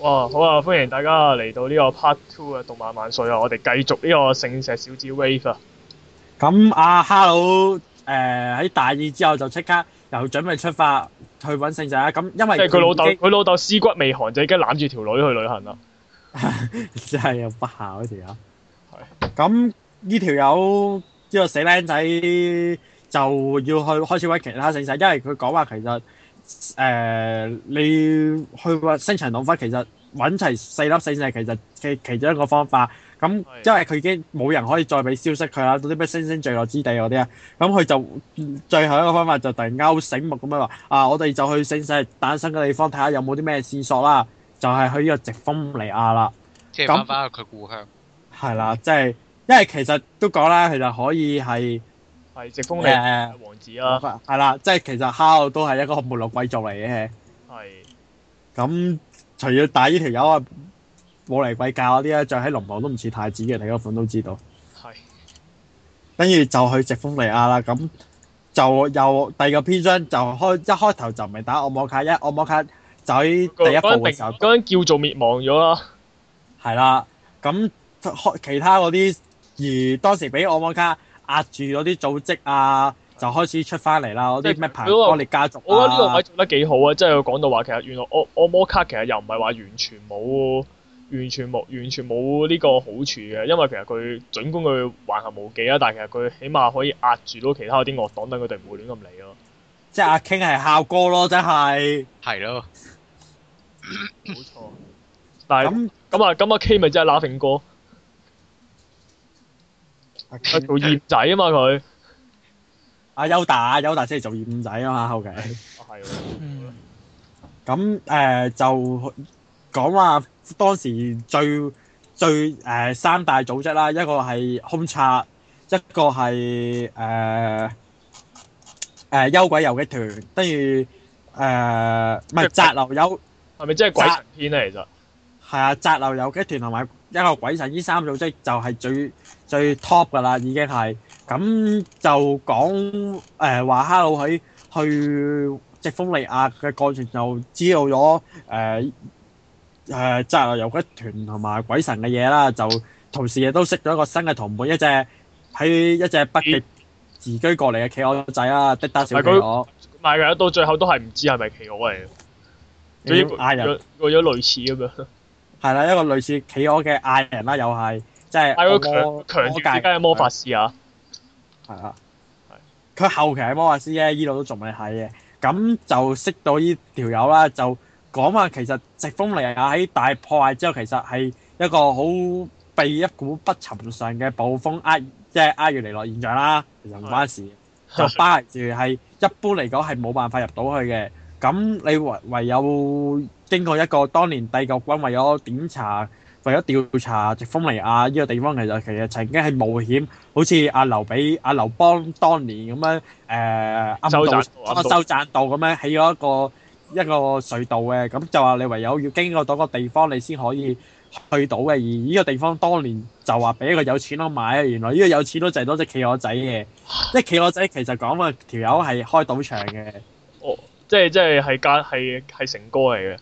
哇，好啊，歡迎大家嚟到呢個 part two 嘅，動漫萬歲啊，我哋繼續呢個聖石小子 wave 啊。咁，啊，誒、呃，你去個星辰蕩翻，其實搵齊四粒星星其，其實其其中一個方法。咁的因為佢已經冇人可以再俾消息佢啦，到啲咩星星墜落之地嗰啲啊。咁佢就、嗯、最後一個方法就突然間好醒目咁樣話：啊，我哋就去星星誕生嘅地方睇下有冇啲咩線索啦。就係、是、去呢個直風尼亞啦。即係翻去佢故鄉。係啦那，即係、就是，因為其實都講啦，其實可以係。係直風利王子啊，係啦，即係其實哈奧都係一個沒落貴族嚟嘅。係，咁除咗戴呢條友啊，冇嚟貴教嗰啲咧，着喺龍袍都唔似太子嘅，睇嗰款都知道。係，跟住就去直風利亞啦，咁就又第二個篇章就開一開頭就未打惡魔卡，因為惡魔卡，就喺第一部嘅時候。嗰陣叫做滅亡咗咯。係啦，咁開其他嗰啲，而當時俾惡魔卡壓住嗰啲組織啊，的就開始出翻嚟啦！嗰啲咩我哋家族、啊、我覺得呢位做得幾好啊！即係佢講到話，其實原來惡惡魔卡其實又唔係話完全冇，完全冇，完全冇呢個好處嘅，因為其實佢儘管佢橫行無忌啊，但係其實佢起碼可以壓住到其他嗰啲惡黨，等佢哋唔會亂咁嚟咯。即係阿 K 係校哥咯，真係。係咯的。冇 錯。咁咁啊咁阿 K 咪真係拉平哥。做醃仔嘛啊，做業仔嘛佢，阿優達，優達即係做業仔啊嘛後期，係、呃、咯，咁誒就講話當時最最誒、呃、三大組織啦，一個係空拆，一個係誒誒幽鬼遊擊團，跟住誒唔係紮流幽，係咪即係鬼神篇嚟嘅？紮其實係啊，扎留遊擊團同埋一個鬼神，呢三個組織就係最最 top 㗎啦。已經係咁就講誒話哈魯喺去疾風利亞嘅過程就知道咗誒誒扎留遊擊團同埋鬼神嘅嘢啦，就同時亦都識咗一個新嘅同伴，一隻喺一,一隻北極移居過嚟嘅企鵝仔啦，滴答小企鵝，咪係、那個那個、到最後都係唔知係咪企鵝嚟嘅，嗌人、嗯，做咗了類似咁樣。係啦，一個類似企鵝嘅矮人啦，又係即係魔強魔界之間嘅魔法師啊，係啊的，佢的後期係魔法師咧，依度都仲未睇嘅。咁就識到呢條友啦，就講下其實疾風尼亞，喺大破壞之後，其實係一個好被一股不尋常嘅暴風壓即係壓住嚟落現象啦，其實唔關事，的就巴爾住係一般嚟講係冇辦法入到去嘅。咁你唯唯有經過一個當年帝國軍為咗檢查、為咗調查直夫尼亞呢個地方，其實其實曾經係冒險，好似阿劉備、阿劉邦當年咁樣誒暗道、阿修棧道咁樣起咗一個一個隧道嘅，咁就話你唯有要經過到個地方，你先可以去到嘅。而呢個地方當年就話俾一個有錢佬買，原來呢個有錢佬就係嗰隻企鵝仔嘅，即係企鵝仔其實講話條友係開賭場嘅。即係，即係，係隔係係成哥嚟嘅、啊，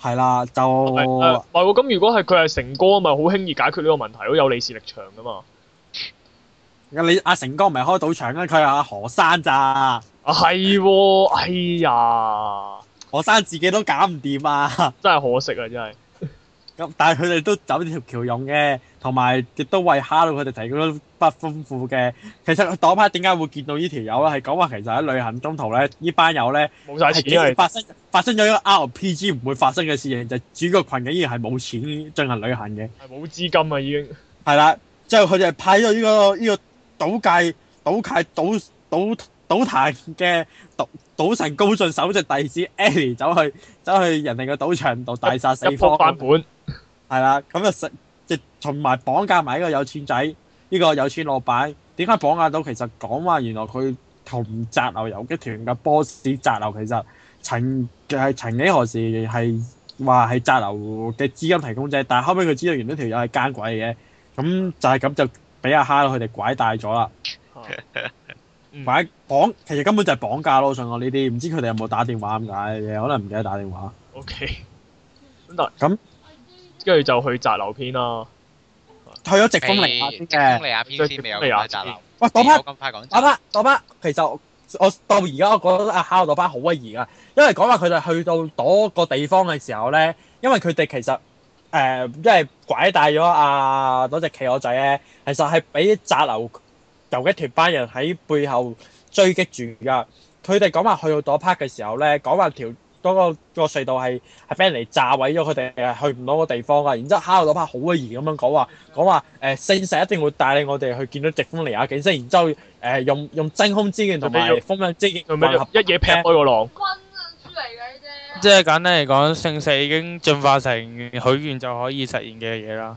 係啦就誒，係咁如果係佢係成哥，咪好輕易解決呢個問題咯，有李氏力場噶嘛。啊、你阿、啊、成哥唔係開賭場咩？佢係阿何生咋？ 是啊係喎，哎呀，何生自己都搞唔掂啊！真係可惜啊，真係。咁但係佢哋都走呢條橋用嘅，同埋亦都為哈魯佢哋提供咗不豐富嘅。其實嗰一排點解會見到呢條友咧？係講話其實喺旅行中途咧，班呢班友咧冇晒錢，係發生發生咗一個 RPG 唔會發生嘅事情，就主、是、角群嘅依然係冇錢進行旅行嘅。係冇資金啊，已經。係啦，之後佢哋派咗呢個、呢個賭界賭界賭賭賭、賭壇嘅賭賭神高進首席弟子 Ellie 走去走去人哋嘅賭場度大殺四方。一鋪翻本。係啦，咁就即同埋綁架埋呢個有錢仔，呢、呢個有錢老闆。點解綁架到？其實講話原來佢同擲流遊擊團嘅 boss 擲流，其實曾係曾幾何時係話係擲流嘅資金提供者？但係後尾佢知道原來條友係奸鬼嘅，咁就係咁就俾阿蝦佢哋拐帶咗啦。 拐綁其實根本就係綁架咯，信我呢啲唔知佢哋有冇打電話咁解，可能唔記得打電話。O K，咁。跟住就去擲流片啦，去咗直風利亞片嘅，即係未有擲流。喂，嗰 part，嗰 part，其實我，其實我到而家我覺得阿哈羅嗰 part 好威儀啊，因為講話佢哋去到嗰個地方嘅時候咧，因為佢哋其實誒即係拐帶咗啊嗰隻企鵝仔咧，其實係俾擲流由一條班人喺背後追擊住噶。佢哋講話去到嗰 part 嘅時候咧，講話條。嗰個隧道係係俾人嚟炸毀咗佢哋，去唔到個地方啊！然之後，敲到嗰 part 好鬼熱咁樣講話，講話誒聖石一定會帶領我哋去見到直方尼亞景色，然之後誒、欸、用用真空之劍同埋風影之劍一嘢劈開個狼，軍出嚟嘅。呢即係簡單嚟講，聖石已經進化成許願就可以實現嘅嘢啦。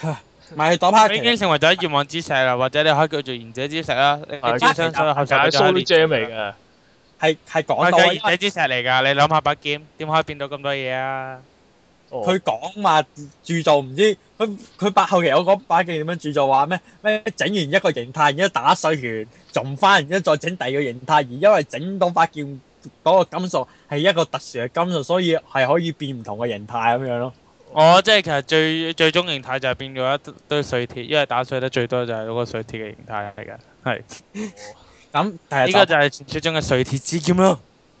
嚇！咪打 part 已經成為咗願望之石啦，或者你可以叫做賢者之石啦。係啊，係係講到，係個結晶石嚟噶。為你諗下把劍點可以變到咁多嘢啊？佢講話鑄造唔知，佢佢八後期我講把劍點樣鑄造話咩咩？整完一個形態，然之後打碎完，仲翻，然之後再整第二個形態。而因為整到把劍嗰個金屬係一個特殊嘅金屬，所以係可以變唔同嘅形態咁樣咯。我、哦、即係其實最最終形態就係變咗一堆碎鐵，因為打碎得最多就係嗰個碎鐵嘅形態嚟噶，係。 咁，呢個、嗯、就係傳説中嘅碎鐵之劍咯。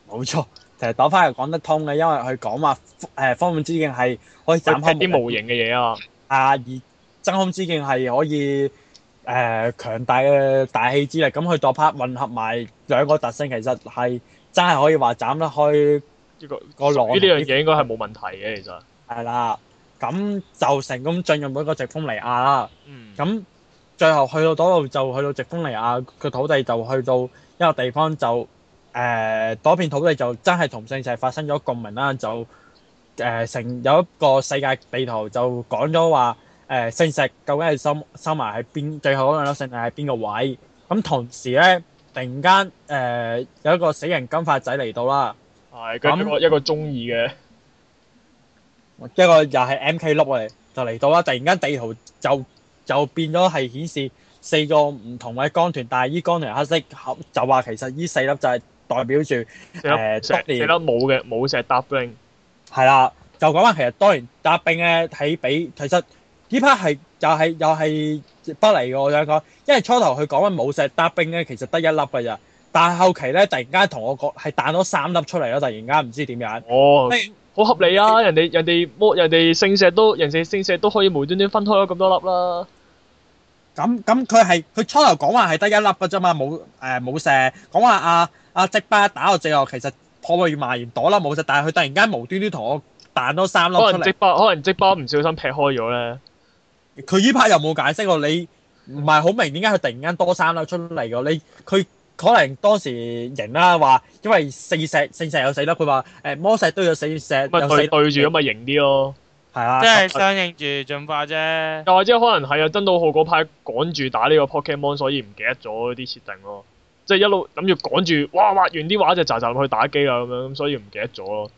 冇錯，其實朵花又講得通嘅，因為佢講話誒真空之劍係可以斬開啲模型嘅嘢啊啊，而真空之劍係可以誒、呃、強大嘅大氣之力，咁佢朵花混合埋兩個特性，其實係真係可以話斬得開個個攔。呢樣嘢應該係冇問題嘅，其實。係啦、嗯，咁、嗯、就成功進入到一個疾風尼亞啦。咁、嗯。嗯最後去到嗰度，就去到直風尼亞個土地，就去到一個地方，就誒嗰片土地就真係同聖石發生咗共鳴啦，就誒成有一個世界地圖，就講咗話誒聖石究竟係收收埋喺邊，最後兩粒聖石喺邊個位，咁同時咧，突然間誒有一個死人金髮仔嚟到啦，係跟住一個一個中意嘅一個又係 MK 碌嚟就嚟到啦，突然間地圖就就變咗係顯示四個唔同嘅光團，但係依光團黑色，就話其實呢四粒就係代表住誒，四粒冇嘅冇石搭冰，係啦，就講翻其實當然搭冰咧係比，其實呢 part 係就係又係不嚟嘅我想講，因為初頭佢講緊冇石搭冰咧，其實得一粒嘅咋，但係後期咧突然間同我講係彈咗三粒出嚟咯，突然間唔知點解哦，好為合理啊，人哋人哋摸人哋聖石，石都人哋聖石都可以無端端分開咗咁多粒啦～咁咁佢係佢初頭講話係得一粒嘅啫嘛，冇誒冇石，講話阿啊即波、啊啊、打到最後其實破威要賣完朵粒冇石，但係佢突然間無端端同我彈多三粒出嚟。即波可能即波唔小心劈開咗咧。佢呢排又冇解釋喎，你唔係好明點解佢突然間多三粒出嚟嘅？你佢可能當時贏啦，話因為四石四石有四粒，佢話誒魔石都有四石，咪對住咁咪贏啲咯。係啊，即係相應住進化啫。又或者可能係啊，登到號嗰排趕住打呢個 Pokemon、ok、所以唔記得咗啲設定咯。即係一路諗住趕住，哇畫完啲畫就扎扎去打機啦，咁樣，所以唔記得咗咯。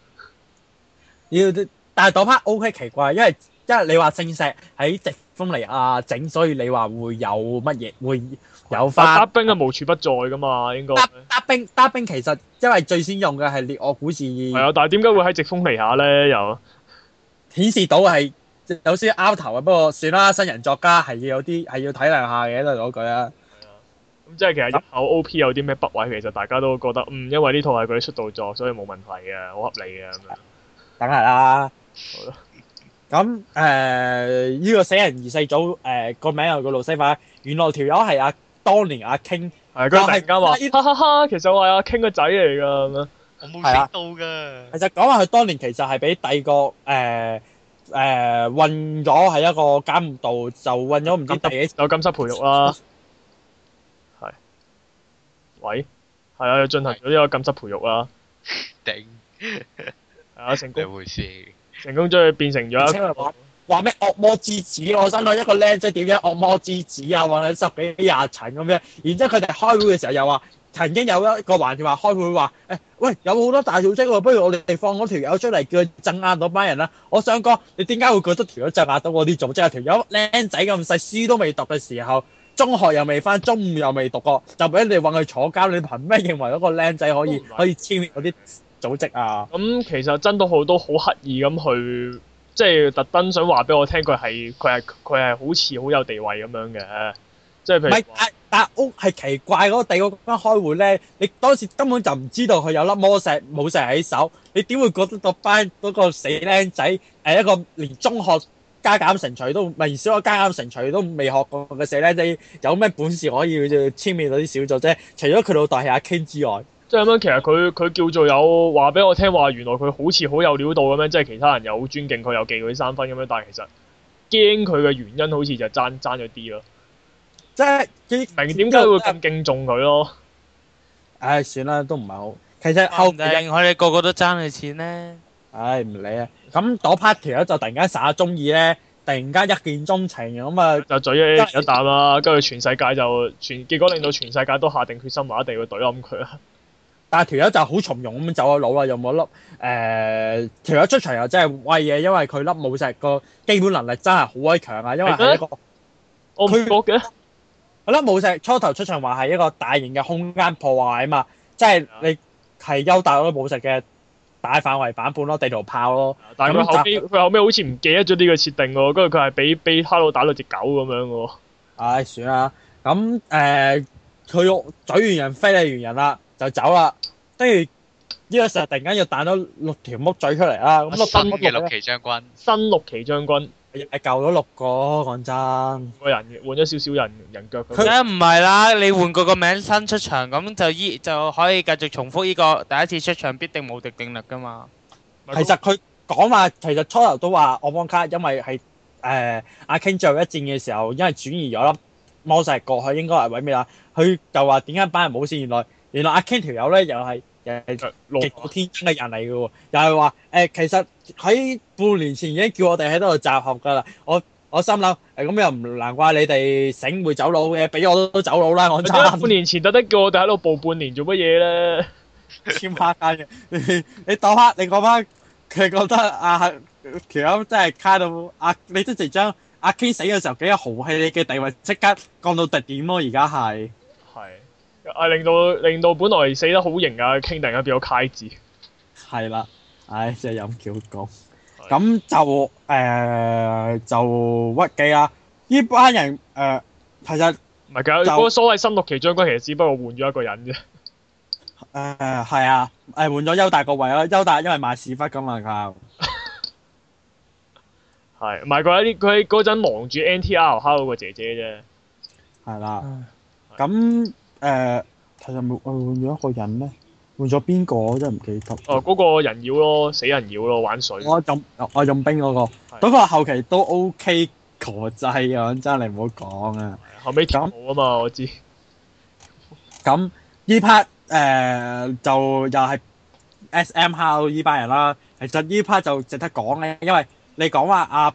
要，但係嗰 part OK 奇怪，因為，因為你話聖石喺直風尼亞整，所以你話會有乜嘢會有法？打冰係無處不在噶嘛，應該。打冰打冰其實因為最先用嘅系列惡古智。係啊、嗯，但係點解會喺直風尼亞咧又？顯示到係有啲拗頭啊，不過算啦，新人作家係要有啲係要體諒下嘅，都係嗰句啦。咁、嗯、即係其實入口 OP 有啲咩不位，其實大家都覺得嗯，因為呢套係佢出道作，所以冇問題嘅，好合理嘅咁樣。梗係啦。咁誒呢個《死人二世祖》誒、呃、個名又個路西法，原來條友係阿當年阿 King、嗯，突然間話，就是、哈，哈哈哈，其實我係阿 King 個仔嚟㗎。我冇睇到噶。其實講話佢當年其實係俾帝國誒誒運咗係一個監獄道，就運咗唔知第幾次有禁室培育啦。係。喂。係啊，進行咗呢個禁室培育啦。頂 定。係啊，成功。幾回事？成功將佢變成咗。聽佢講話咩惡魔之子？我真係一個靚仔，點解惡魔之子啊？話你十幾廿層咁樣，然之後佢哋開會嘅時候又話。曾經有一個環節話開會話，誒、欸、喂有好多大組織喎，不如我哋放嗰條友出嚟叫佢鎮壓到班人啦。我想講，你點解會覺得條友鎮壓到嗰啲組織？條友靚仔咁細，書都未讀嘅時候，中學又未返，中五又未讀過，就俾你揾佢坐監，你憑咩認為嗰個靚仔可以可以簽嗰啲組織啊？咁其實真德好都好刻意咁去，即係特登想話俾我聽，佢係佢係佢係好似好有地位咁樣嘅。唔係，但但屋係奇怪嗰、那個地嗰間開會咧。你當時根本就唔知道佢有粒魔石冇石喺手，你點會覺得嗰班嗰個死僆仔誒一個連中學加減乘除都唔係，小學加減乘除都未學過嘅死僆仔有咩本事可以去簽名到啲小組啫？除咗佢老豆係阿 King 之外，即係咁樣。其實佢佢叫做有話俾我聽，話原來佢好似好有料到咁樣，即係其他人又好尊敬佢，又忌佢三分咁樣。但係其實驚佢嘅原因好似就爭爭咗啲咯。即係佢明點解會咁敬重佢咯？唉，算啦，都唔係好。其實後邊佢哋個個都爭你錢咧。唉，唔理啊。咁嗰 part 條友就突然間耍中意咧，突然間一見鐘情咁啊，就，就嘴一啖啦。跟住、就是、全世界就全結果令到全世界都下定決心，話一定要懟冧佢。但係條友就好從容咁走咗佬啊，又冇一粒誒。條、呃、友出場又真係威嘢，因為佢粒冇石個基本能力真係好鬼強啊，因為係一個我唔覺嘅。好啦，嗯，武石初頭出場話係一個大型嘅空間破壞啊嘛，即係、嗯、你係休大嗰武石嘅大範圍版本咯，地圖炮咯。嗯、但係佢後尾佢打後尾好似唔記得咗呢個設定喎，跟住佢係俾俾哈魯打到隻狗咁樣喎。唉、哎，算啦，咁、嗯、誒、佢、呃、嘴完人飛你完人啦，就走啦。跟住呢個時候，突然間要彈咗六條木嘴出嚟啦，咁新六期將軍，新六期將軍。誒救咗六個，講真，個人換咗少少人人腳。佢梗唔係啦，你換個個名新出場，咁就依就可以繼續重複呢個第一次出場必定冇敵定律噶嘛。其實佢講話，其實初頭都話我蒙卡，因為係誒、呃、阿 king 最後一戰嘅時候，因為轉移咗，粒魔石過去，應該係毀滅啦？佢就話點解班人冇線？原來原來阿 king 條友咧又係誒，極個天中嘅人嚟嘅喎，又係話誒，其實。喺半年前已經叫我哋喺度集合噶啦，我我心諗咁、欸、又唔難怪你哋醒會走佬嘅，俾我都走佬啦！我差半年前特登叫我哋喺度暴半年做乜嘢咧？千巴斤嘅，你下你講你講翻，佢覺得阿，其實真係卡到阿、啊、你都直將阿、啊、King 死嘅時候，幾豪氣喺你嘅地位即刻降到特點咯，而家係係係令到令到本來死得好型嘅 King 突然間變到卡字，係啦。唉，即係飲橋公咁就誒、是、 就、呃、就屈機啦！呢班人誒、呃、其實唔係嘅，嗰個所謂新六期將軍其實只不過換咗一個人啫。誒 係、呃、啊，誒換咗優大個位大 啊。優大因為賣屎忽㗎嘛靠！係唔係佢喺佢喺嗰陣忙住 NTR 敲嗰個姐姐啫？係 啦、啊，咁誒、呃、其實冇換咗一個人咧。換咗邊個？真係唔記得。誒，嗰個人妖咯，死人妖咯，玩水。我用，我用冰嗰個，嗰個後期都 OK，強就係，真係你唔好講啊！後尾就冇啊嘛，我知。咁呢 part 誒就又係 SM 號呢班人啦。其實呢 part 就值得講嘅，因為你講話啊。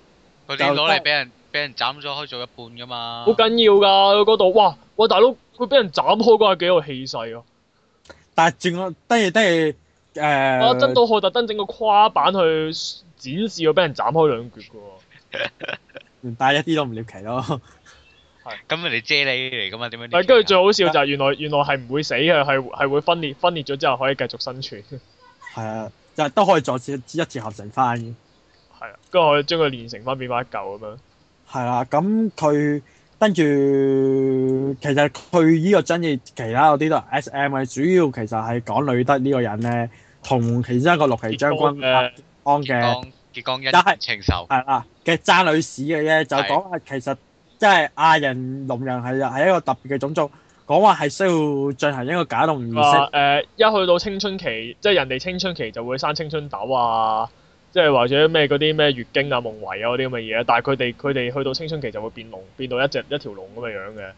佢攞嚟俾人俾就人斬咗，可以做一半噶嘛？好緊要噶，佢嗰度哇哇大佬，佢俾人斬開個係幾有氣勢喎、啊！但係整個，得嘢得嘢誒！我、呃啊、真到去特登整個跨板去展示佢俾人斬開兩截嘅喎， 但係一啲都唔獵奇咯。係 咁、 嗯，人哋啫喱嚟噶嘛？點樣？唔係，跟住最好笑就係、啊、原來原來係唔會死嘅，係係會分裂分裂咗之後可以繼續生存。係 啊，就係都可以再一一次合成翻。係跟住我將佢練成翻，變翻一嚿咁樣。係啦，咁佢跟住，其實佢呢個爭議，其他嗰啲都係 S M 嘅，主要其實係講女德呢個人咧，同其中一個六期將軍嘅安嘅，但係係啦嘅渣女士嘅啫，就講、是、係其實即係亞人龍人係係一個特別嘅種族，講話係需要進行一個假動儀式。誒、呃，一去到青春期，即、就、係、是、人哋青春期就會生青春痘啊。即係或者咩嗰啲咩月經啊、夢遺啊嗰啲咁嘅嘢，但係佢哋佢哋去到青春期就會變龍，變到一隻一條龍咁嘅樣嘅。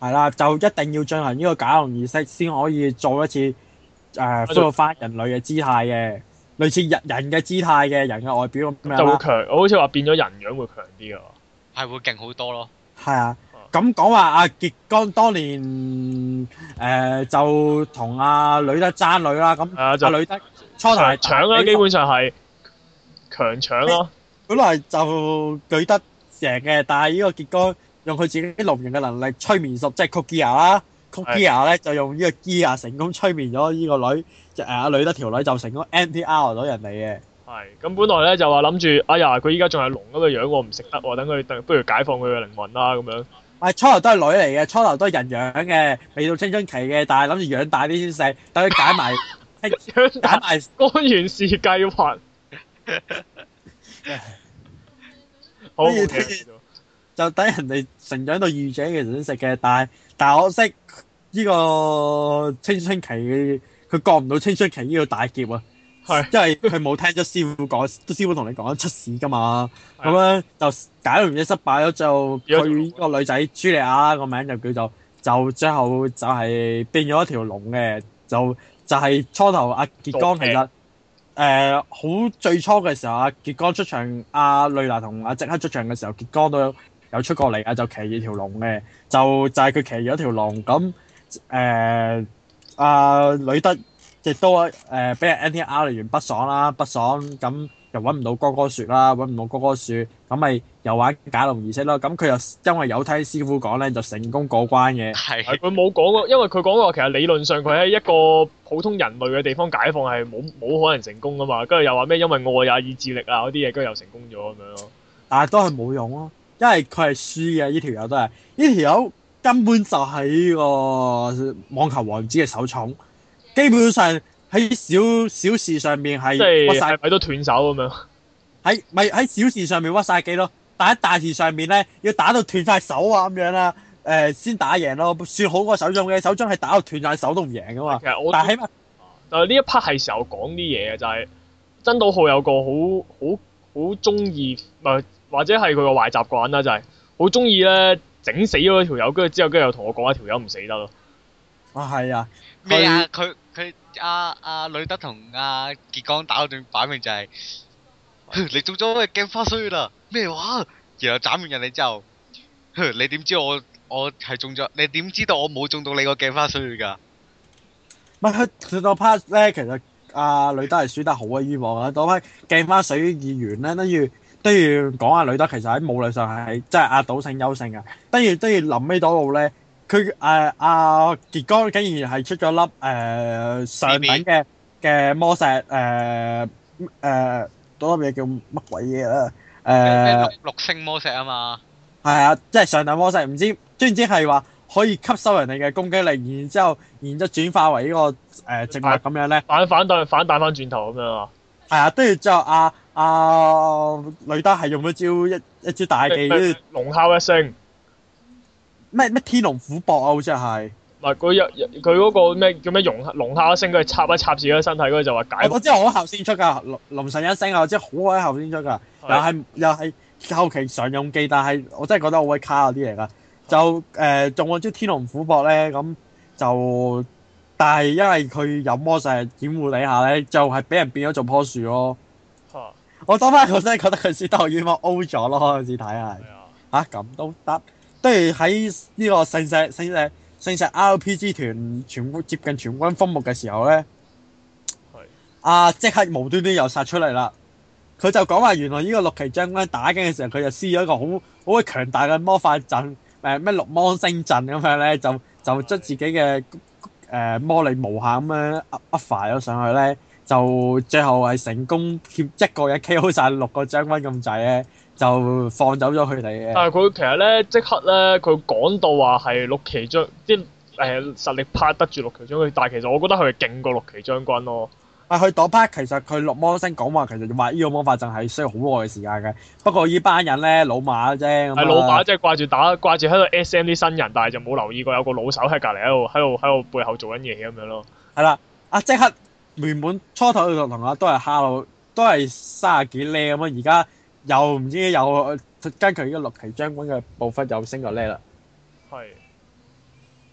係啦，就一定要進行呢個假龍儀式，先可以做一次誒恢復翻人類嘅姿態嘅，類似人人嘅姿態嘅人嘅外表咁樣啦。就會強，我好似話變咗人樣會強啲啊，係會勁好多咯。係啊，咁講話阿傑剛當年誒就同阿呂德爭女啦，咁阿呂德初頭搶啊，基本上係。強搶咯！啊、本來就舉得成嘅，但係呢個杰哥用佢自己啲龍人嘅能力催眠術，即係酷基亞啦，酷基亞咧就用呢個基亞成功催眠咗呢個女，誒、呃、阿女得條女就成功 NTR 咗人嚟嘅。係咁，本來咧就話諗住哎呀佢依家仲係龍嗰個樣，我唔食得，我等佢，不如解放佢嘅靈魂啦咁樣。係，初頭都係女嚟嘅，初頭都係人養嘅，未到青春期嘅，但係諗住養大啲先食，等佢解埋解埋幹完事計劃。 好住以 okay, 就等人哋成長到御姐嘅時候先食嘅，但係但係我識呢個青春期，佢過唔到青春期呢個大劫啊，係是，因為佢冇聽咗師傅講，都師傅同你講出事噶嘛，咁的樣就搞完，就失敗咗，就佢個女仔茱莉亞個名就叫做，就最後就係變咗一條龍嘅，就就係初頭阿杰剛其實。 誒好、呃、最初嘅時候啊，傑哥出場，阿雷娜同阿即刻出場嘅時候，傑哥都有有出過嚟，啊就騎住條龍嘅，就就係、是、佢騎住一條龍，咁誒阿呂德亦都誒俾人 NTR 嚟完不爽啦，不爽咁。又揾唔到哥哥樹啦，揾唔到哥哥樹，咁咪又玩假龍儀式咯。咁佢又因為有聽師傅講咧，就成功過關嘅。係，佢冇講過，因為佢講過其實理論上佢喺一個普通人類嘅地方解放係冇冇可能成功噶嘛。跟住又話咩？因為愛呀意志力啊嗰啲嘢，跟住又成功咗咁樣咯。但係都係冇用咯，啊，因為佢係輸嘅呢條友都係呢條友根本就係呢個網球王子嘅首寵，基本上。喺小小事上面係屈曬幾都斷手咁樣，喺咪喺小事上面屈晒機咯，但喺大事上面咧要打到斷晒手啊咁樣啦，誒、呃、先打贏咯，算好過手掌嘅，手掌係打到斷晒手都唔贏噶嘛。其實我但係起碼就呢一 part 係時候講啲嘢嘅，就係、是、曾道浩有個好好好中意，唔或者係佢個壞習慣啦，就係好中意咧整死咗一條友，跟住之後跟住又同我講一條友唔死得咯。啊，係啊。咩啊？佢佢阿阿呂德同阿杰光打嗰段擺明就係，你中咗個鏡花水月啦？咩話？然後斬完人哋之後，哼！你點知我我係中咗？你點知道我冇中到你個鏡花水月㗎？唔係佢個 part 咧，其實阿呂德係輸得好嘅冤枉啊！到 part 鏡花水已完咧，跟住跟住講下呂德，其實喺武力上係即係壓倒性優勝啊！跟住跟住臨尾到到咧。佢誒阿杰哥竟然係出咗粒誒、呃、上等嘅嘅魔石誒，誒嗰粒嘢叫乜鬼嘢啊？誒六星魔石嘛啊嘛，係啊，即係上等魔石，唔知之唔知係話可以吸收人哋嘅攻擊力，然之後然之後轉化為呢個誒、呃、植物咁樣咧，反反彈反彈翻轉頭咁樣啊？係啊，跟住之後阿阿女德係用咗招一一招大技，跟住龍哮一聲。咩咩天龍虎搏啊，好似係咪佢一佢個咩叫咩龍龍蝦星？佢插一插自己身體，佢就話解我。我知我後先出噶，龍神一聲啊，真係好鬼後先出噶，但係又係後期常用技，但係我真係覺得好鬼卡嗰啲嚟噶。就誒中咗招天龍虎搏咧，咁就但係因為佢有魔術掩護你下咧，就係、是、俾人變咗做棵樹咯。吓哈，我當翻我真係覺得佢先我已經 O 咗咯，嗰陣時睇下，吓咁都得。都係喺呢個聖石、聖石、聖石 RPG 團全，全接近全軍覆沒嘅時候咧，啊即刻無端無端又殺出嚟啦。佢就講話原來呢個六旗將軍打緊嘅時候，佢就施咗一個好好強大嘅魔法陣，誒咩六芒星陣咁樣咧，就就將自己嘅誒、呃、魔力無限咁樣 up 咗、啊啊啊、上去咧，就最後係成功欠一個人 KO 晒六個將軍咁滯咧。就放走咗佢哋嘅。但係佢其實咧，即刻咧，佢講到話係六旗將啲誒實力拍得住六旗將軍，但係其實我覺得佢係勁過六旗將軍咯。係佢打拍，其實佢六芒星講話，其實話呢個魔法陣係需要好耐嘅時間嘅。不過依班人咧，老馬啫，係是老馬即係掛住打，掛住喺度 SM 啲新人，但係就冇留意過有個老手喺隔籬喺度喺度喺度背後做緊嘢咁樣咯。係啦，啊即刻原本初頭嘅同學都係下路，都係卅幾 level 咁啊，而家。又唔知有，又加佢呢個六旗將軍嘅步伐又升咗叻啦，係是。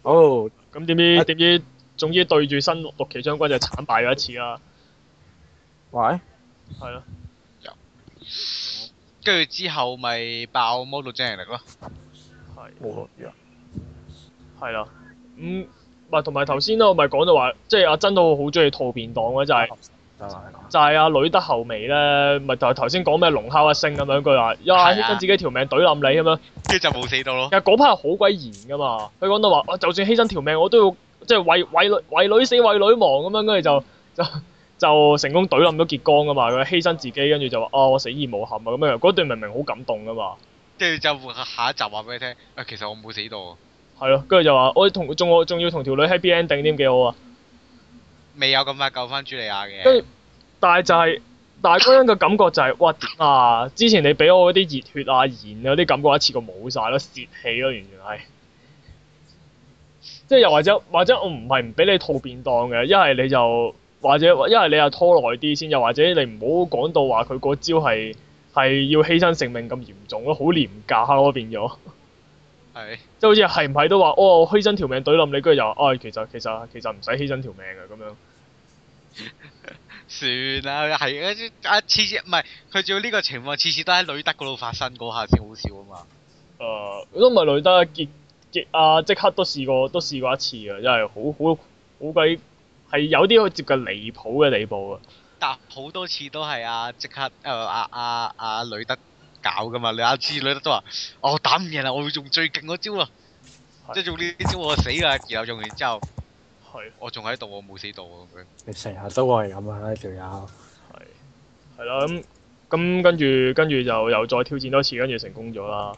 哦、oh,，咁點、啊、知？點知？總之對住新六旗將軍就慘敗咗一次啦、啊。喂？係咯、啊。跟住、嗯、之後咪爆 Model 靈力咯。係是。冇錯啲啊。係啦、嗯。咁唔同埋頭先啦，我咪講到話，即係阿珍都好中意圖便黨嘅就係。就係啊，女得後尾咧，咪就係頭先講咩龍哮一聲咁樣佢話，呀、啊啊、犧牲自己條命懟冧你咁樣，跟住就冇死到咯。其實嗰 part 好鬼燃噶嘛，佢講到話，就算犧牲條命，我都要即係、就是、為為，為女為女死為女亡咁樣，跟住就就就成功懟冧咗傑剛噶嘛。佢犧牲自己，跟住就話哦、啊，我死而無憾啊咁樣。嗰段明明好感動噶嘛。跟住就，就下一集話俾你聽、啊，其實我冇死到。係咯，跟住就話我同仲仲要同條女 happy ending 添幾好啊？未有咁快救翻朱莉亞嘅。但係就係、是，但係嗰陣嘅感覺就係、是，哇！啊，之前你俾我嗰啲熱血啊燃啊啲感覺，一次過冇晒咯，泄氣咯，完全係、啊。即係又或者，或者我唔係唔俾你套便當嘅，一係你就，或者一係你又拖耐啲先，又或者你唔好講到話佢嗰招係係要犧牲性命咁嚴重咯，好廉價咯、啊、變咗。係。即係好似係唔係都話，哦，我犧牲條命對冧你，跟住又，唉、哎，其實其實其實唔使犧牲條命嘅咁樣。算啦，係啊，阿次次唔係佢仲要呢個情況，次次，次都喺女德嗰度發生嗰下先好笑啊嘛。誒，都唔係女德，結結阿即、啊、刻都試過，都試過一次啊，因為好好好鬼係有啲可以接近離譜嘅地步啊。但好多次都係啊，即刻誒啊、呃、啊阿呂、啊、德搞噶嘛，你阿知呂德都話我、哦、打唔贏啦，我要用最勁嗰招啊，即係的用呢啲招我死啦，然後用完之後。我仲喺度，我冇死到啊！你成日都係咁啊，仲有係係啦，咁咁跟住跟住就又再挑戰多次，跟住成功咗啦。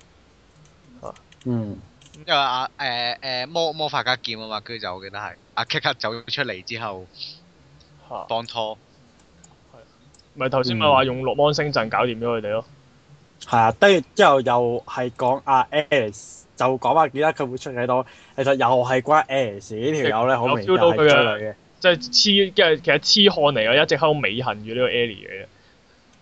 嗯，即係阿誒誒魔魔法家劍啊嘛，跟住就我記得係阿 kick 走咗出嚟之後幫哈拖，咪頭先咪話用六芒星陣搞掂咗佢哋咯。係啊，跟之後又係講阿 Alice 就講翻幾多佢會出幾多，其實又係關 Ellie 呢條友咧好密切嘅，即係黐，即係其實黐漢嚟嘅，一直喺度尾行住呢個 Ellie 嘅。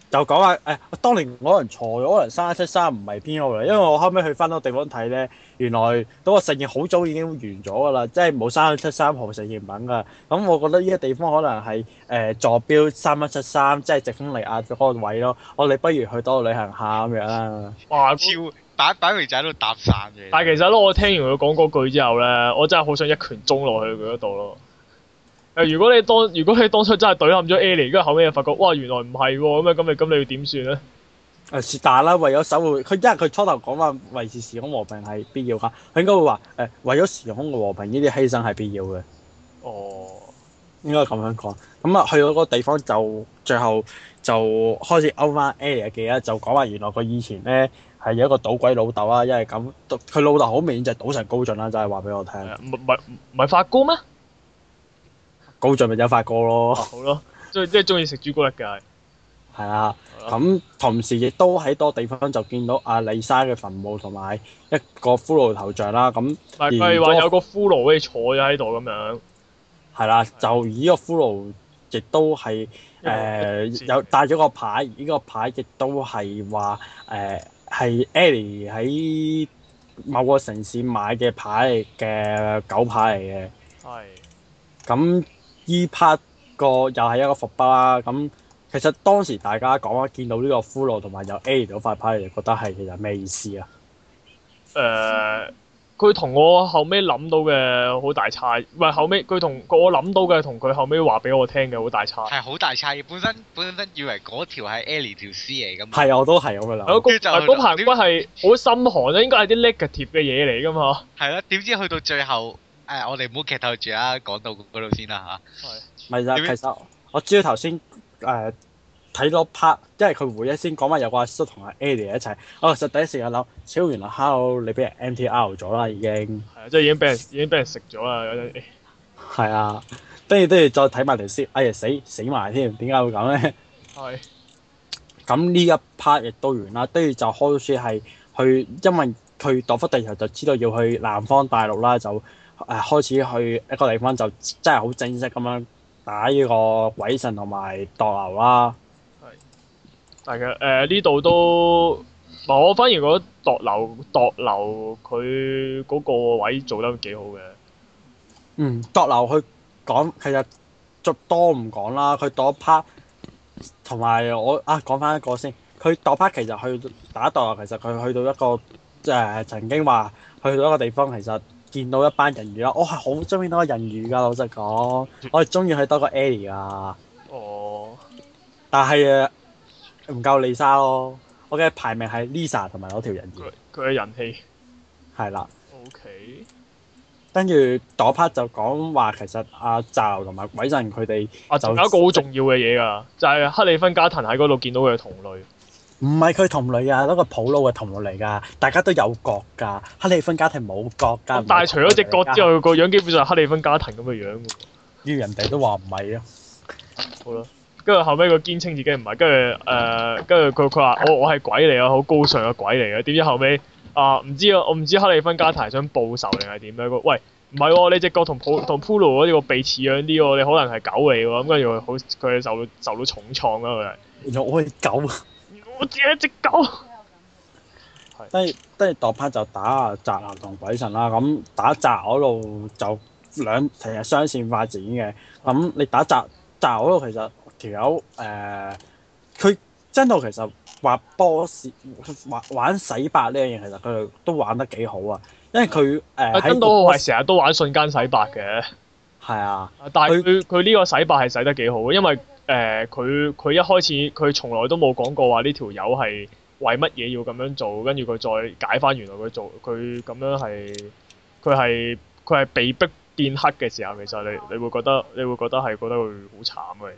就講話誒，當年可能錯咗，可能三一七三唔係邊個嚟，因為我後尾去翻嗰個地方睇咧，原來嗰個實驗好早已經完咗㗎啦，即係冇三一七三號實驗品㗎。咁我覺得呢個地方可能係誒、呃、坐標三一七三，即係直通嚟亞嗰個位咯。我哋不如去多度旅行下咁樣啦。哇！超擺擺明就喺度搭訕嘅。但係其實咧，我聽完佢講嗰句之後咧，我真係好想一拳中落去佢嗰度咯。誒，如果你當，如果你當初真係懟冧咗 Airi，跟住後屘又發覺，哇，原來唔係喎，咁咁你咁你要點算咧？誒、啊，是但啦，為咗守護，佢因為佢初頭講話維持時空和平係必要噶，佢應該會話，誒、哎，為咗時空嘅和平呢啲犧牲係必要嘅。哦，應該咁樣講。咁、嗯、啊，去到嗰個地方就最後就開始勾翻 Airi 嘅記憶，就講話，原來佢以前咧係有一個賭鬼老豆啊，因為咁，佢老豆好明顯就賭神高進啦，就係話俾我聽。咪咪咪發哥咩？高進咪有發過咯、啊，好咯，即係即係中意食朱古力嘅，係 啊，咁、嗯嗯、同時亦都喺多地方就見到阿麗莎嘅墳墓同埋一個骷髏頭像啦，咁、嗯，例如話有個骷髏坐咗喺度咁樣，係啦、啊，就以個骷髏亦都係誒有帶咗個牌，而、這、呢個牌亦都係話誒係 Ellie 喺某個城市買嘅牌嘅狗牌嚟嘅，係的，咁。嗯嗯依 part 個又係一個伏筆啦，咁其實當時大家講啊，見到呢個骷髏同埋有 Ali 嗰塊牌，你覺得係其實咩意思啊？誒、呃，佢同我後尾諗到嘅好大差異，唔係後尾。佢同我諗到嘅同佢後尾話俾我聽嘅好大差異，係好大差嘅。本身本身以為嗰條係 Ali 條屍嚟㗎嘛，係啊，我都係咁樣。嗰嗰排骨係好心寒啊，應該係啲 negative 嘅嘢嚟㗎嘛。係啦、啊，點知去到最後。誒、哎，我哋唔好劇透住啊，講到嗰度先啦吓。係。 咪就 其實我知頭先誒睇咗 part，因為佢回憶先講埋有個阿叔同阿 Andy 一齊。哦，實第一時間諗超原來 Hello 你俾人 M T L 咗啦，已經係 即係已經俾人已經俾人食咗啦。有啲係啊，跟住跟住再睇埋條屍哎呀死死埋添，點解會咁咧？係。咁 呢 一 part 亦都完啦，跟住就開始係去，因為佢墮忽地球就知道要去南方大陸啦，就。誒開始去一個地方就真係好正式咁樣打呢個鬼神同埋墮樓啦。係，係、呃、嘅。誒呢度都，我反而覺得墮樓墮樓佢嗰個位做得幾好嘅。嗯，墮樓佢講其實就多唔講啦。佢墮 part 同埋我啊，講翻一個先。佢墮 part 其實去打墮樓，其實佢去到一個誒、呃、曾經話去到一個地方，其實。見到一班人魚啦，我係好中意多個人魚噶，老實講，我係中意佢多過艾、oh. 莉噶。哦，但係誒唔夠麗莎咯，我嘅排名係 Lisa 同埋嗰條人魚。佢嘅人氣係啦。O K，跟住嗰 part 就講話其實阿澤同埋鬼陣佢哋。啊，仲、啊、有一個好重要嘅嘢㗎，就係、是、克里芬加藤喺嗰度見到佢嘅同類。唔係佢同類啊，嗰、嗰個普魯嘅同類嚟噶，大家都有角噶。克里芬家庭冇角噶。但係除咗隻角之外，個樣基本上係克里芬家庭咁嘅樣。呢人哋都話唔係啊。好啦，跟住後尾，佢堅稱自己唔係，跟住誒，跟住佢佢話我我係鬼嚟啊，好高尚嘅鬼嚟嘅。點知後尾，啊、呃？唔知啊，我唔知克里芬家庭想報仇定係點樣？喂，唔係喎，你隻角同普同普魯嗰啲個鼻似樣啲喎，你可能係狗嚟喎。咁跟住好，佢受到受到重創啦佢。原來我係狗。 我只係一隻狗。跟住跟住，就打啊宅男同鬼神啦。咁打宅嗰度就兩成日雙線發展嘅。咁你打宅宅嗰度其實條友誒，佢、呃、真島其實話波是玩洗白呢樣嘢，其實佢都玩得幾好啊。因為佢誒喺真係成日都玩瞬間洗白嘅。係、嗯、啊，但係佢佢呢個洗白係洗得幾好，因為。誒佢佢一開始佢從來都冇講過話呢條友係為乜嘢要咁樣做，跟住佢再解返原來佢做佢咁樣係佢係佢係被逼變黑嘅時候，其實你你會覺得你會覺得係覺得佢好慘嘅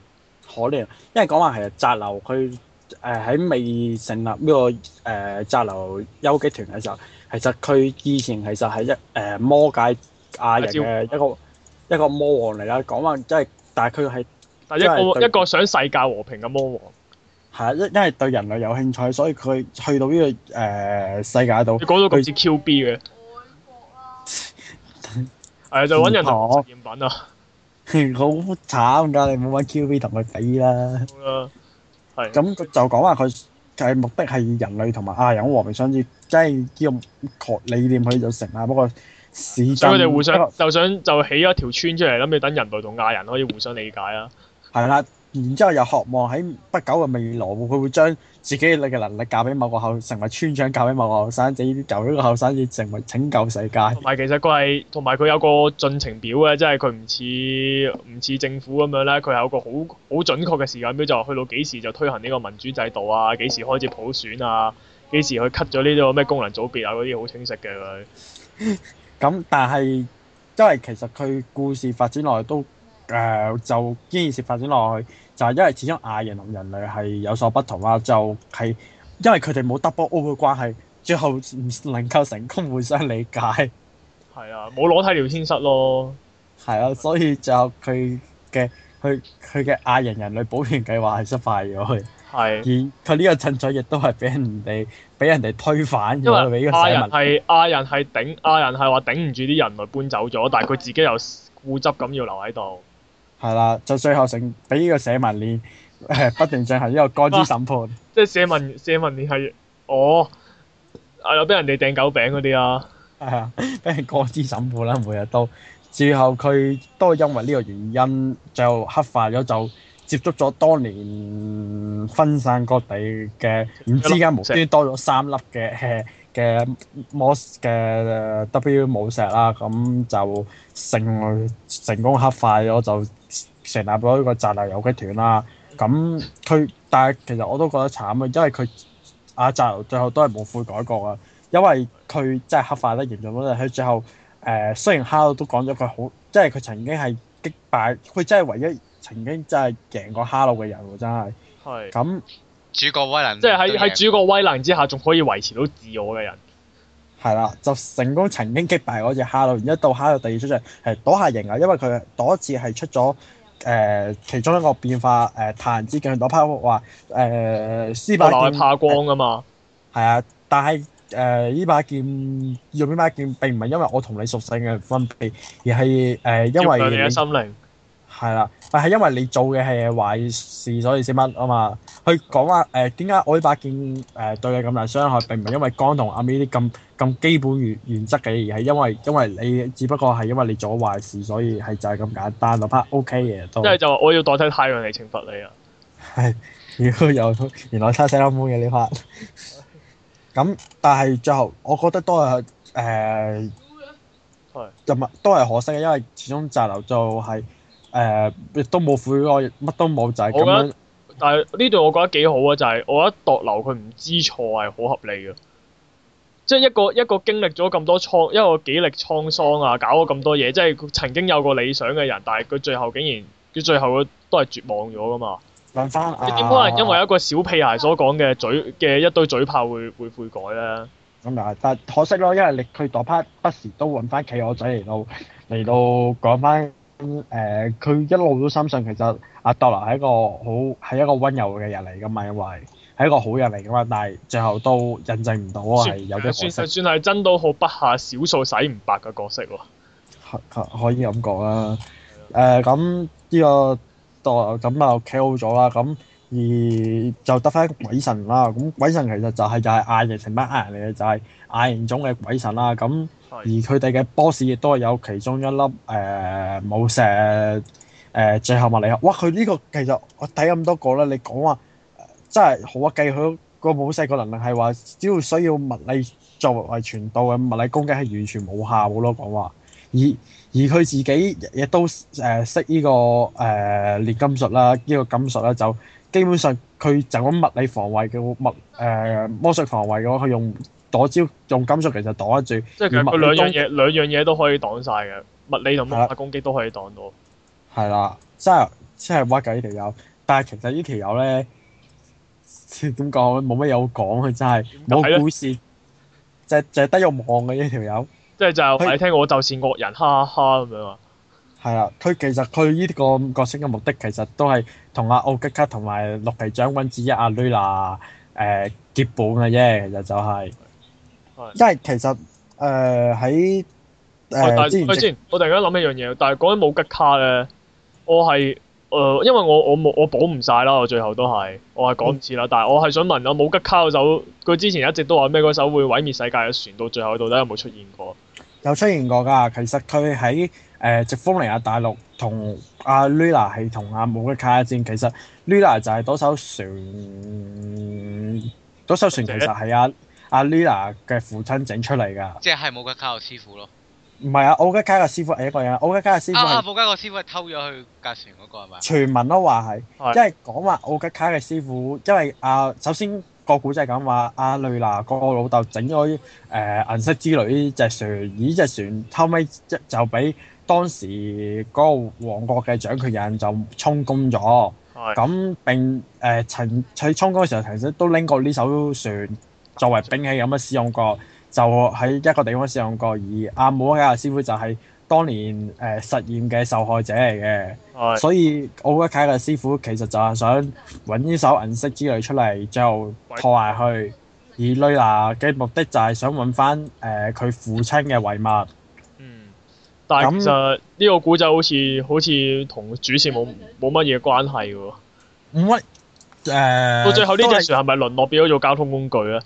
可憐，因為講話其實扎流佢誒喺未成立呢、那個誒扎、呃、流幽擊團嘅時候，其實佢以前其實係一誒、呃、魔界亞人嘅一個一個魔王嚟啦。講話即係，但係佢係。一個一個想世界和平嘅魔王係啊，一因為對人類有興趣，所以佢去到呢個誒世界度，你講到佢似 Q B 嘅誒，就揾人同我人品啊，好慘㗎！你冇揾 Q B 同佢比啦，係咁就講話佢就係目的係人類同埋亞人和平相處，即係叫確理念去做成啊。不過市所以佢哋互相就想就起咗一條村出嚟，諗你等人類同亞人可以互相理解啊。係啦，然之後又渴望喺不久嘅未來，佢會將自己嘅能力嫁俾某個後，成為村長，嫁俾某個後生仔，由呢個後生仔成為拯救世界。同埋其實佢係，同埋佢有,有個進程表嘅，即係佢唔似唔似政府咁樣啦，佢有個好好準確嘅時間表，就話、係、去到幾時就推行呢個民主制度啊，幾時開始普選啊，幾時去 cut 咗呢個咩功能組別啊嗰啲，好清晰嘅佢。咁、嗯、但係因為其實佢故事發展落去都。誒、uh, 就堅持發展落去，就係因為始終亞人同人類係有所不同啦、啊。就係、是、因為佢哋冇 double over 嘅關係，最後唔能夠成功互相理解。係啊，冇裸體聊天室咯。係啊，所以就佢嘅佢佢嘅亞人人類保全計劃係失敗咗。係是而佢呢個進取亦都係俾人哋俾人哋推翻咗，俾個亞人係亞人係頂亞人係話頂唔住啲人類搬走咗， 但係佢自己又固執咁要留喺度。係啦，就最後成俾呢個社民連不斷進行呢個過支審判，即係社民社民連係哦，係啊，俾、啊、人哋掟狗餅嗰啲啊，係啊，俾人過支審判啦，每日都最後佢都係因為呢個原因，就黑化咗，就接觸咗多年分散各地嘅唔知間無端端多咗三粒嘅嘅魔嘅 W 武石啦，咁、啊、就成成功黑化咗就。成立咗呢個澤遊集團啦，咁佢但係其實我都覺得慘啊，因為佢阿澤最後都係冇悔改過啊，因為佢真係黑化得嚴重嗰陣，佢最後誒、呃、雖然哈魯都講咗佢好，即係佢曾經係擊敗，佢真係唯一曾經真係贏過哈魯嘅人喎，真係。係是。咁樣主角威能，即係喺喺主角威能之下，仲可以維持到自我嘅人。係啦，就成功曾經擊敗嗰隻哈魯，然之後到哈魯第二次出場係躲下贏啊，因為佢躲一次係出咗。誒、呃、其中一個變化誒，探知鏡嗰批話誒，私把劍怕光啊嘛，係、呃、啊，但係誒呢把劍用呢把劍並唔係因為我同你屬性嘅分別，而係誒、呃、因為你，喚醒你嘅心靈。係啦，但係因為你做嘅係壞事，所以先乜啊嘛？佢講話誒，點解我呢把劍誒對你咁大傷害，並唔係因為光同暗呢啲咁咁基本原原則嘅，而係因為因為你只不過係因為你做咗壞事，所以係就係咁簡單。呢 partOK 嘅都。即係就我要代替太陽嚟懲罰你啊！係，妖又，原來差死好遠呢 part。咁但係最後，我覺得都係誒，係，同埋都係可惜嘅，因為始終殘留就係。誒，亦、呃、都冇悔過，乜都冇就係、是、咁樣。但係呢度我覺得幾好啊，就係我覺得墮、就是、流佢唔知錯係好合理嘅。即、就、係、是、一個一個經歷咗咁多滄一個幾歷滄桑啊，搞咗咁多嘢，即、就、係、是、曾經有個理想嘅人，但係佢最後竟然佢最後都係絕望咗噶嘛？諗翻你點可能因為一個小屁孩所講嘅嘴嘅一堆嘴炮會會悔改咧？咁又係可惜咯，因為你佢墮拋不時都揾翻企我仔嚟到嚟到講翻。咁佢、呃、一路都深信其實阿朵羅係一個好係一個溫柔嘅人嚟噶嘛，因為係一個好人嚟噶嘛，但係最後都印證唔到係有啲可惜。算算算係真到好筆下少數洗唔白嘅角色喎。可以咁講啦。誒咁呢個朵羅咁就 KO 咗啦。咁而就得翻一個鬼神啦。咁鬼神其實就係就係矮人成班矮人嚟嘅，就係矮人種嘅鬼神啦。咁。而佢哋嘅 boss 亦都係有其中一粒誒、呃、武石誒、呃、最後物理，哇！佢呢個其實我睇咁多個咧，你講話、呃、真係好啊，計、那、佢個武石個能力係話，只要需要物理作為傳導嘅物理攻擊係完全冇效嘅咯，講話。而而佢自己亦都誒、呃、識呢、這個誒、呃、煉金術啦，呢、這個金術咧就基本上佢就咁物理防衞嘅物誒、呃、魔術防衞嘅話，佢用。擋招用金屬其實擋得住，即係佢兩樣嘢，兩樣嘢都可以擋晒嘅，物理同魔法攻擊都可以擋到。係啦，即係即係屈緊呢條友，但係其實呢條友咧，點講冇乜嘢好講，佢真係冇故事，即係即係得用望嘅呢條友。即係就係聽我就算惡人，哈哈哈咁樣啊。係啦，佢其實佢呢個角色嘅目的其實都係同阿奧吉卡同埋六皮將軍之一阿雷娜誒結伴嘅啫。其實就係。因為其實誒喺誒之前我突然間諗起一樣嘢。但係講緊冇吉卡咧，我係誒，因為我我冇我補唔晒啦。我最後都係我係講唔切啦。但係我係想問我冇吉卡嗰首，佢之前一直都話咩嗰首會毀滅世界嘅船，到最後到底有冇出現過？有出現過㗎。其實佢喺誒直風尼亞大陸同阿 Lula 係同阿冇吉卡一戰。其實 Lula 就係嗰艘船，嗰艘船其實係阿。阿 Lila 嘅父親整出嚟噶，即係冇吉卡嘅師傅咯。唔係啊，奧吉卡嘅師傅係一個人，奧吉卡嘅師傅啊，布吉嘅師傅偷咗去架船嗰個係咪？傳聞都話係，即係講話奧吉卡嘅師傅，因為啊，首先、啊、個古仔係咁話，阿 Lila 個老豆整咗啲誒銀色之類呢隻船，呢隻船，後尾即就俾當時嗰個王國嘅掌權人就充公咗，咁並誒陳在衝攻，的、呃、衝攻時候，其實都拎過呢艘船。作為兵器有乜使用過，就喺一個地方使用過。而阿摩嘉亞師傅就係當年誒、呃、實驗嘅受害者嚟嘅，是所以奧克卡勒師傅其實就係想揾呢首銀色之類出嚟，最後破壞佢。而雷娜嘅目的就係想揾翻誒佢父親嘅遺物。嗯，但係、嗯、其實呢個古仔好似好似同主線冇冇乜嘢關係嘅喎。唔係、呃、到最後呢隻船係咪淪落變咗做交通工具啊？是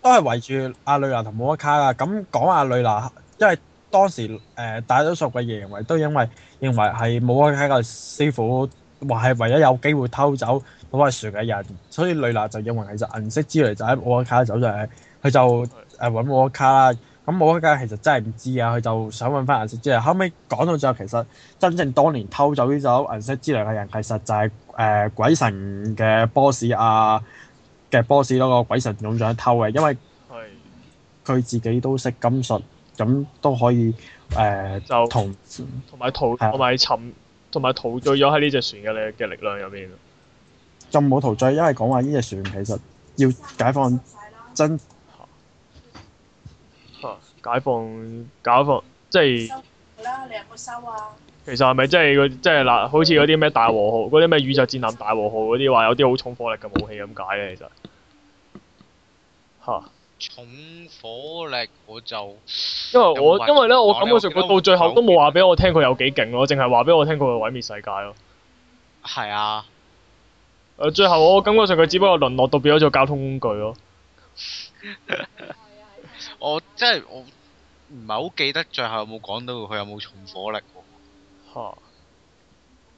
都係圍住阿雷娜同摩卡噶，咁講阿雷娜，因為當時誒大多數嘅認為都因為認為係摩卡嘅個師傅，話係唯一有機會偷走寶物樹嘅人，所以雷娜就認為是就銀色之類就喺摩卡走咗，佢就誒揾、呃、摩卡啦。咁摩卡其實真係唔知啊，佢就想揾翻銀色之類。後尾講到最後就其實真正當年偷走呢種銀色之類嘅人，其實就係、就、誒、是呃、鬼神嘅 boss 阿、啊。嘅 boss 咯，oss, 個鬼神用掌偷嘅，因為佢自己都識金術，咁都可以、呃、就同同埋逃同埋沉同埋陶醉咗喺呢隻船嘅嘅力量入邊，就冇陶醉，因為講話呢隻船其實要解放真解放解放,解放即係。啦！你有冇收啊？其實係咪真係個即係嗱，好似嗰啲咩大和號，嗰啲咩宇宙戰艦大和號嗰啲話有啲好重火力嘅武器咁解咧？其實吓重火力我就因為我因為咧，我感覺上佢記到最後都冇話俾我聽佢有幾勁咯，淨係話俾我聽佢毀滅世界咯。係啊，誒，最後我感覺上佢只不過淪落到變咗做交通工具咯。 我真係我唔係好記得最後有冇講到佢有冇重火力。哦、啊，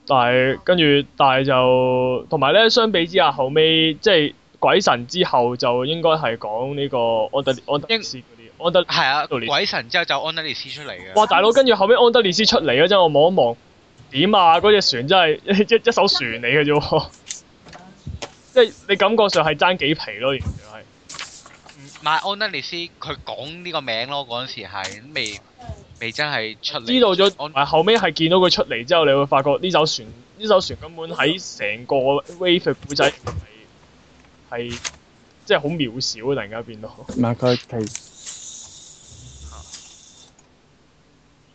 但係跟住，但係就同埋咧，相比之下，後尾即係鬼神之後就應該係講呢個安德安德烈斯嗰啲安德係、嗯、啊，鬼神之後就安德烈斯出嚟嘅。哇，大佬，跟住後尾安德烈斯出嚟嗰陣，我望一望，點啊？嗰隻船真係 一一艘船嚟嘅啫， 即係你感覺上係爭幾皮咯，完全係。唔，唔係安德烈斯，佢講呢個名咯，嗰陣時係未。你真係出嚟，知道咗，同埋後尾係見到佢出嚟之後，你會發覺呢艘船，呢艘船根本喺成個 wave 嘅古仔係即係好渺小。突然間變到唔係佢其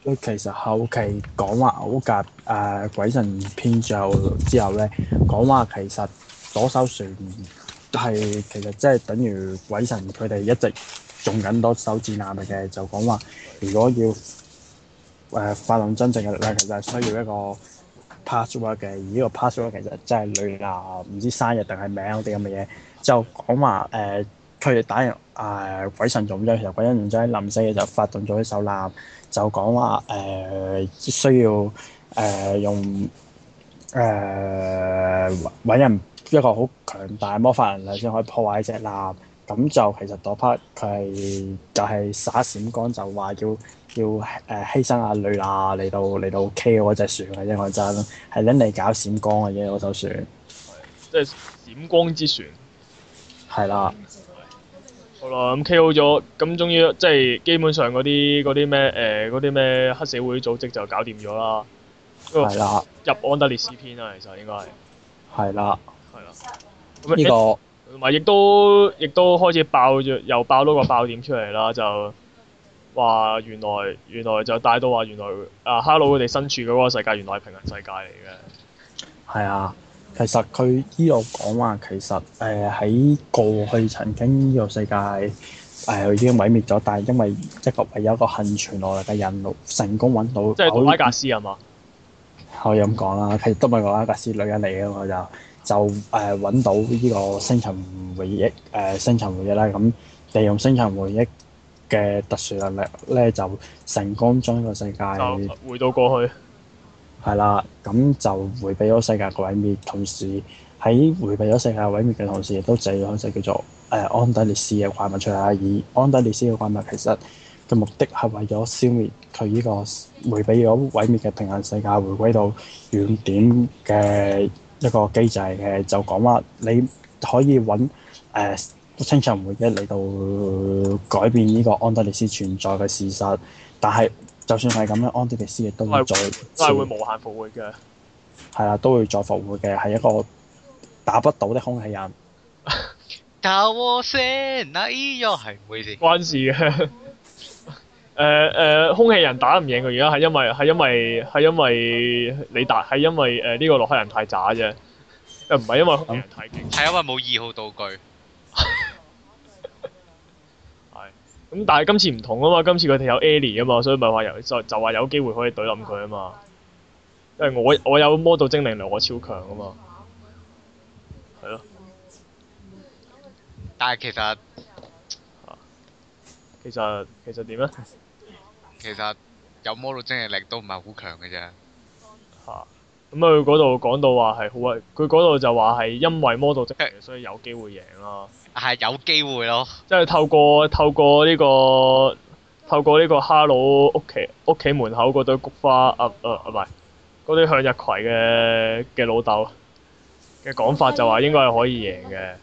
佢其實後期講話《敖甲誒鬼神片》就之後咧，講話其實咗艘船。係，其實即係等於鬼神佢哋一直用緊多手指拿嚟嘅，就講話如果要誒、呃、發動真正嘅力量，其實係需要一個 password 嘅。而呢個 password 其實真係女男唔知生日定係名嗰啲咁嘅嘢。就講話誒，佢、呃、哋打人誒、呃、鬼神做啫，其實鬼神用啫，臨死嘅就發動咗啲手拿，就講話誒需要誒、呃、用誒揾、呃、人。一個好強大魔法能力先可以破壞隻艦，咁就其實 part，佢係就係、是、灑閃光，就話要要誒犧牲阿女娜嚟到嚟到 K 嗰隻船嘅啫。講真，係撚嚟搞閃光嘅啫。嗰艘船，即係閃光之船，係啦。好啦，咁 K 好咗，咁終於即係基本上嗰啲嗰啲咩誒嗰啲咩黑社會組織就搞掂咗啦。係啦，入安德烈斯篇啦，其實應該係。係啦。係啦，呢這個同埋亦都亦都開始爆咗，又爆多個爆點出嚟啦，就話原來原來就帶到話原來啊，哈嘍佢哋身處嗰個世界原來係平行世界嚟嘅。係啊，其實佢依度講話，其實誒喺、呃、過去曾經呢個世界誒、呃、已經毀滅咗，但係因為一個唯有一個幸存落嚟嘅人，成功揾到即係拉格斯啊嘛。好可以咁講啦，其實都唔係講拉格斯女人嚟嘅嘛就。就誒揾到呢個星辰回憶，誒星辰回憶啦，咁利用星辰回憶嘅特殊能力咧，就成功將呢個世界回到過去。係啦，咁就迴避咗世界毀滅，同時喺迴避咗世界毀滅嘅同時，亦都製咗隻叫做誒安達利斯嘅怪物出嚟。而安達利斯嘅怪物其實嘅目的係為咗消滅佢呢個迴避咗毀滅嘅平行世界，迴歸到原點嘅。一個機制嘅，就講話你可以揾誒青春回憶嚟到、呃、改變呢個安德烈斯存在嘅事實，但係就算係咁啦，安德烈斯亦都會再係會無限復活嘅。係啊，都會再復活嘅，係一個打不倒的空氣人。大鑊聲，哎依個係唔會事，關事嘅。 誒誒、呃，空氣人打唔贏佢，而家係因為係因為係因,因為你打係因為誒呢、呃這個洛克人太渣啫，又唔係因為係、嗯、因為冇二號道具。係。 咁、嗯、但係今次唔同啊嘛，今次佢哋有 Ali 啊嘛，所以咪話有就就話有機會可以懟冧佢啊嘛，因為我我有魔導精靈來我超強啊嘛，係咯。但係其,、啊、其實，其實其實點咧？其實有魔道精力力都唔係好強嘅啫，吓，咁佢嗰度講到話係好啊，佢嗰度就話係因為魔道精力，欸、所以有機會贏咯，係有機會咯，即係透過透過呢、這個透過呢個哈佬屋企屋企門口嗰堆菊花啊啊唔係嗰啲向日葵嘅嘅老豆嘅講法就話應該係可以贏嘅，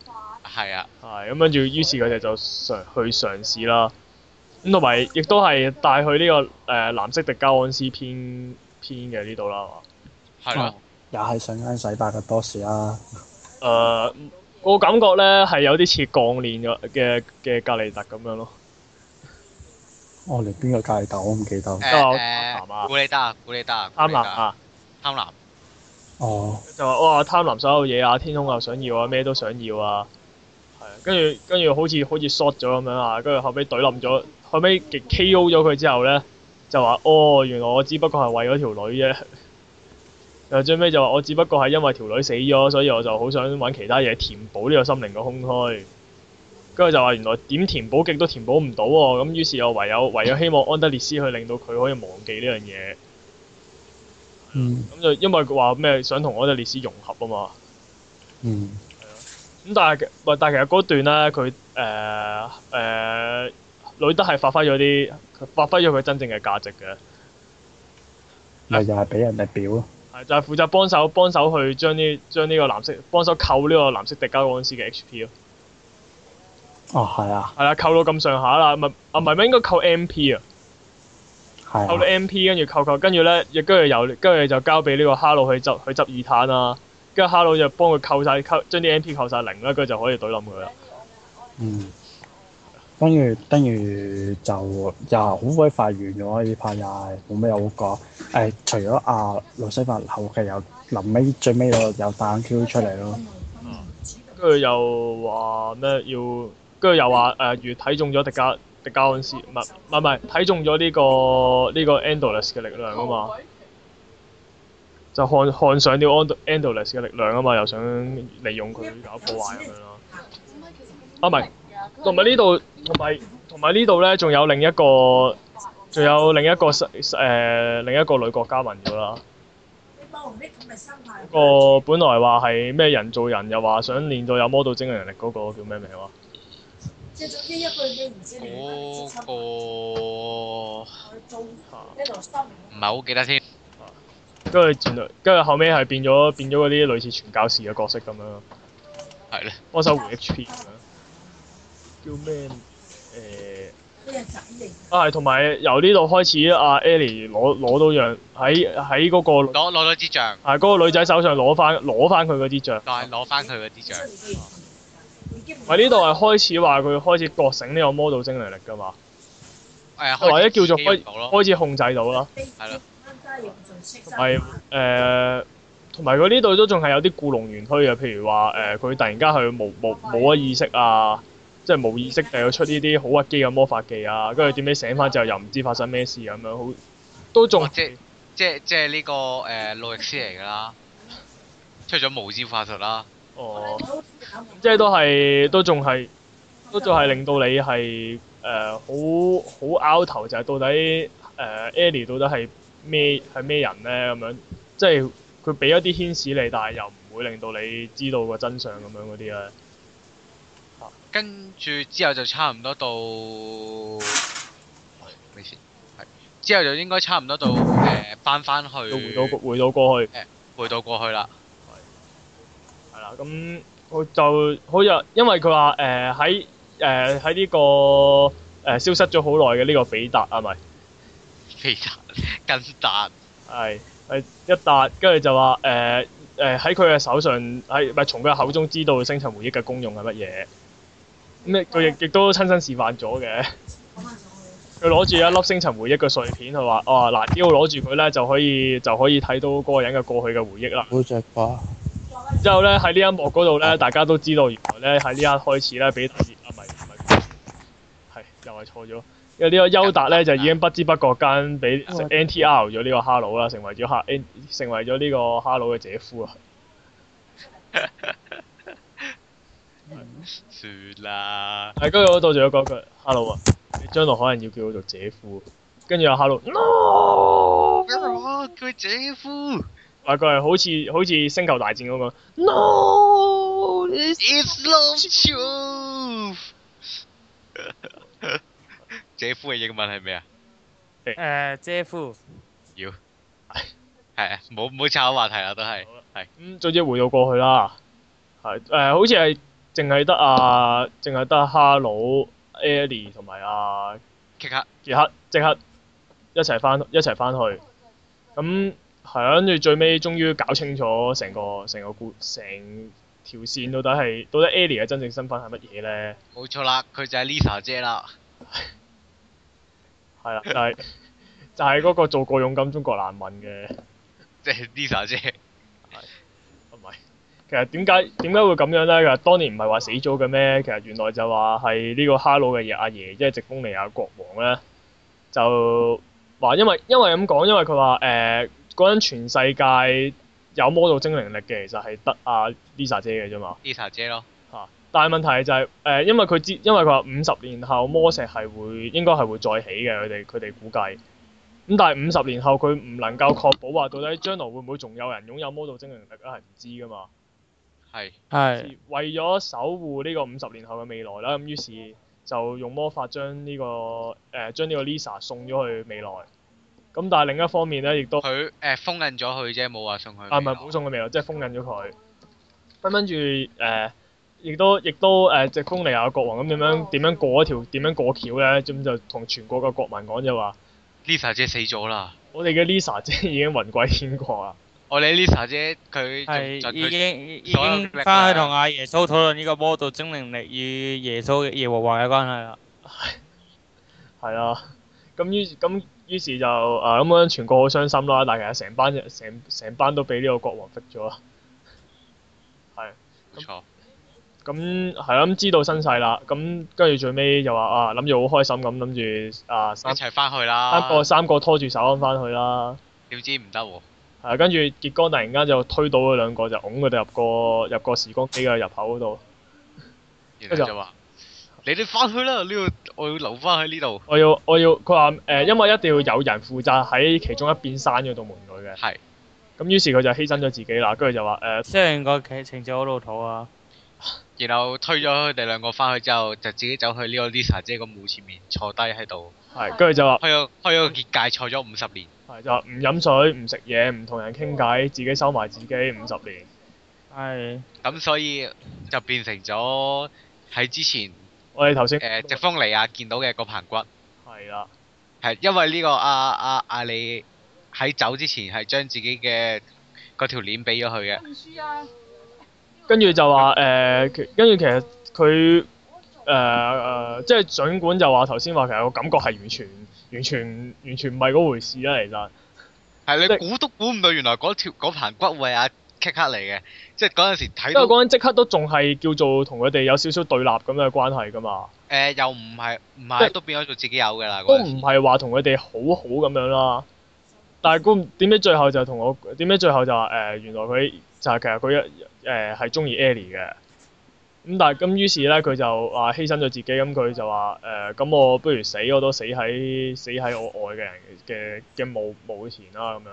係啊、嗯，係、嗯，咁跟住於是佢哋就嘗去嘗試啦。咁同埋亦都係帶去呢、這個誒、呃、藍色迪迦安斯編編嘅呢度啦，係、嗯、啊，又係瞬間洗白嘅多士啦。boss 啊！感覺咧係有啲似鋼煉嘅嘅嘅格利特咁樣咯。哦，你邊個格利特？我唔記得。誒，古利德啊，古利德啊，貪婪啊，貪婪。哦。就話哇貪婪所有嘢啊，天空又想要啊，咩都想要啊。係啊，跟住跟住好似好似 short 咗咁樣啊，跟住後尾懟冧咗。後尾極 K.O. 咗佢之後呢，就話哦，原來我只不過係為咗條女啫。然 後最尾就話我只不過係因為條女死咗，所以我就好想揾其他嘢填補呢個心靈個空虛。跟住就話原來點填補極都填補唔到，咁於是又唯有唯有希望安德烈斯去令到佢可以忘記呢樣嘢。嗯。咁就因為佢話咩想同安德烈斯融合啊嘛。嗯。咁但係但係其實嗰段呢，佢誒誒。呃呃女德係發揮咗啲，發揮咗佢真正嘅價值嘅。咪又係俾人哋表咯。係就係、是、負責幫手幫手去將啲將呢個藍色幫手扣呢個藍色迪迦嗰陣時嘅 HP 咯。哦，係啊。係啊，扣到咁上下啦，咪啊咪咪應該扣 MP 啊。係、啊。扣到 MP 跟住扣扣跟住咧，又跟住由跟住就交俾呢個哈魯去執去執二攤啊，跟住哈魯就幫佢扣晒，扣將啲 MP 扣晒、啊，零啦，佢就可以懟冧佢啦。嗯。跟住，跟住就又好鬼快完咗，依排又係冇咩好講。誒、欸，除咗阿、啊、路西法後期又臨尾最尾又又彈 Q 出嚟咯。跟住、嗯、又話咩？要跟住又話誒，越、呃、睇中咗迪迦迪迦安斯，唔係唔係唔係，睇中咗呢、這個呢、這個 endless 嘅力量啊嘛。就看看上了 endless 嘅力量啊嘛，又想利用佢搞破壞咁樣咯。啊，唔係。同埋呢度，同埋同埋呢度咧，仲有另一個，仲有另一個，誒、呃，另一個女國家民咗啦。個本來話係咩人做人，又話想練到有魔導精靈、那個、道精神力嗰個叫咩名話？嗰個唔知，唔係好記得添。跟住跟住後尾係變咗，變咗嗰啲類似傳教士嘅角色咁樣。係咧的。幫手回 HP。啊啊啊叫咩、呃？誒、啊，啊係，同埋由呢度開始、啊 e，阿 Ellie 攞攞到樣喺喺嗰個攞攞到支杖，係嗰、啊那個女仔手上攞翻攞翻佢嗰啲杖，係攞翻佢嗰啲杖。咪呢度係開始話佢開始覺醒呢個魔導精靈力㗎嘛？誒、哎呀，或者叫做開開始控制到啦。係咯、啊。同埋佢呢度都仲係有啲、呃、故弄玄虛嘅，譬如話誒，佢、呃、突然間去，冇冇冇乜意識啊。即係冇意識地去出呢啲好屈機嘅魔法技啊，跟住點解醒翻之後又唔知發生咩事咁、啊、樣，好都仲、啊、即即即係呢、這個誒、呃、路易斯嚟㗎啦，出咗無知法術啦、啊，哦，即係都係都仲係都仲係令到你係誒好好拗頭就係、是、到底誒 Ellie 到底係咩係咩人咧咁樣，即係佢俾一啲牽使你，但係又唔會令到你知道個真相咁樣嗰啲咧。跟住之後就差唔多到，未先、啊、之後就應該差唔多到誒，翻、呃、翻去。回到回到過去，回到過去啦。係、欸，係啦。咁我、嗯、就好似因為佢話誒喺誒喺呢個誒、呃、消失咗好耐嘅呢個比達啊，咪比達近達係係一達，跟住就話誒誒喺佢嘅手上喺咪，係從佢嘅口中知道星塵回憶嘅功用係乜嘢？咩？佢亦亦都親身示範咗嘅。佢。攞住一粒星塵回憶嘅碎片，佢話：哇、哦！嗱，只要攞住佢咧，就可以就可以睇到嗰個人嘅過去嘅回憶啦。好似係啩？之後咧喺呢一幕嗰度咧，大家都知道原來咧喺呢刻開始咧，俾阿咪。係，又係錯咗。因為個達呢個優達咧就已經不知不覺間俾 NTR 咗呢個哈佬啦，成為咗哈 N，成為咗呢個哈佬嘅姐夫啊。 嗯、算啦。係跟住我到住嗰句，hello 啊，你將來可能要叫我做姐夫，跟住又 hello，no，唔好叫姐夫。嗱佢係好似好似星球大戰嗰、嗰個，no，this is love truth。 姐夫嘅英文係咩啊？誒，姐夫。要。係啊，冇冇岔開話題啦，都係。係好。咁早之回到過去啦。係誒、呃，好似係。淨係得阿淨係得哈老 Ellie 同埋阿傑克傑克即，即刻一齊翻一齊翻去，咁跟住最尾終於搞清楚成個成個故成條線到底係到底 Ellie 嘅真正身份係乜嘢咧？冇錯啦，佢就係 Lisa 姐 啦。係啦，就係就係嗰個做過勇敢中國難民嘅， 即係 Lisa 姐。其實點解點解會咁樣咧？其實當年唔係話死咗嘅咩？其實原來就話係呢個哈魯嘅阿爺，爺，爺，爺，即係直封尼亞國王咧，就話因為因為咁講，因為佢話誒嗰陣全世界有魔道精靈力嘅，其實係得阿 Lisa 姐嘅啫嘛。Lisa 姐咯。嚇！但係問題就係，是，誒、呃，因為佢知，因為佢話五十年後魔石係會應該係會再起嘅，佢哋佢哋估計。咁但係五十年後佢唔能夠確保話到底將來會唔會仲有人擁有魔道精靈力咧，佢係唔知㗎嘛。係，為咗守護呢個五十年後嘅未來啦，咁於是就用魔法將呢、這個，誒將呢個 Lisa 送咗去未來。咁但係另一方面咧，亦都佢誒、呃、封印咗佢啫，冇話送佢。係咪冇送佢未來？即係封印咗佢。跟跟住誒，亦、呃、都亦都誒、呃，直通嚟啊！國王咁點、嗯、樣點樣過一條點樣過橋咧？咁就同全國嘅國民講就話，Lisa 姐死咗啦！我哋嘅 Lisa 姐已經魂歸天國啦。我哋 Lisa 姐佢係是已經已經翻去同阿耶穌討論呢個魔導精靈力與耶穌耶和華嘅關係啦。係係啊，咁於咁於是就誒咁樣全國好傷心啦。但其實成班成成班都俾呢個國王逼咗。係冇、啊、沒錯。咁係啦，咁、啊、知道身世啦。咁跟住最尾就話啊，諗住好開心咁，諗住啊一齊翻去啦三。三個三個拖住手翻去啦。點知唔得喎？係，跟住傑哥突然間就推倒佢兩個，就拱佢哋入個入個時光機嘅入口嗰度。然後就話： 就你哋翻去啦，呢個我要留翻喺呢度。我要我要佢話誒，因為一定要有人負責喺其中一邊閂咗道門外嘅。係。咁於是佢就犧牲咗自己啦，跟住就話誒。即係個劇情就好老土啊！然後、呃啊、然後推咗佢哋兩個翻去之後，就自己走去呢個 Lisa 姐個墓前面坐低喺度。係的。跟住就話。開咗開咗個結界，坐咗五十年。係，就唔飲水、唔食嘢、唔同人傾偈，自己收埋自己五十年。係。咁所以就變成咗喺之前我哋頭先誒直方尼亞見到嘅個頸骨。係啦的。係因為呢、呢個阿阿阿里喺走之前係將自己嘅嗰條鏈俾咗佢嘅。跟住就話誒，跟住其實佢誒誒，即係儘管就話頭先話其實個感覺係完全。完全完全唔係嗰回事啊。其實係你估都估唔到，原來嗰條嗰棚骨位啊，即刻嚟嘅，即係嗰陣時睇到嗰陣即刻都仲係叫做同佢哋有少少對立咁嘅關係噶嘛。誒、呃、又唔係唔係都變咗做自己有嘅啦，都唔係話同佢哋好好咁樣啦。嗯、但係估點解最後就同我點解最後就話、是、誒、呃、原來佢就係、是、其實佢一誒係中意 Ellie 嘅。呃咁但係咁於是咧，佢就啊犧牲咗自己。咁佢就話誒，咁、呃、我不如死，我都死喺死喺我愛嘅人嘅嘅墓墓前啦。咁樣，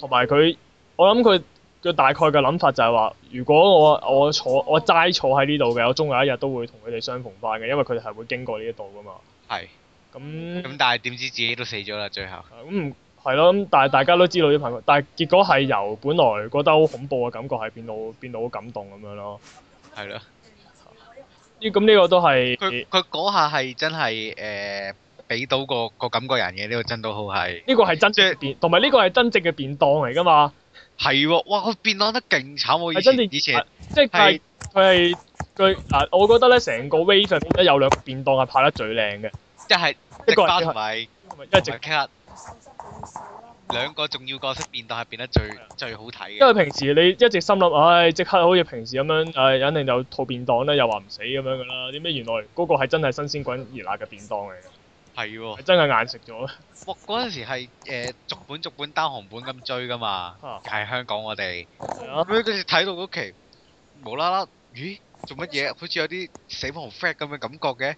同埋佢，我諗佢嘅大概嘅諗法就係、是、話，如果我我坐我齋坐喺呢度嘅，我終有一日都會同佢哋相逢翻嘅，因為佢哋係會經過呢一度㗎嘛。係是。咁咁、嗯、但係點知自己都死咗啦，最後。咁唔係咯。咁但係大家都知道啲朋友，但係結果係由本來覺得好恐怖嘅感覺，係變到變到好感動咁樣咯。係咯。咁呢個都係佢佢嗰下係真係誒俾到個個感覺人嘅呢個真都好係呢個係真正嘅變，同埋呢個係真正嘅變檔嚟噶嘛？係喎，哇！佢變檔得勁慘喎，以前以前，即係佢係佢嗱，我覺得咧成個 v 上入邊有兩個變檔係拍得最靚嘅，一係一個係，一係直 c 兩個重要角色便當係變得最最好睇嘅，因為平時你一直心諗，唉，即刻好似平時咁樣，唉，肯定就套便當啦，又話唔死咁樣噶啦。點知原來嗰個係真係新鮮滾熱辣嘅便當嚟嘅，係真係眼食咗。哇！嗰陣時係誒逐本逐本單行本咁追噶嘛，梗係香港我哋。咁樣嗰時睇到嗰期，無啦啦，咦，做乜嘢？好似有啲死亡 flag 咁嘅感覺嘅，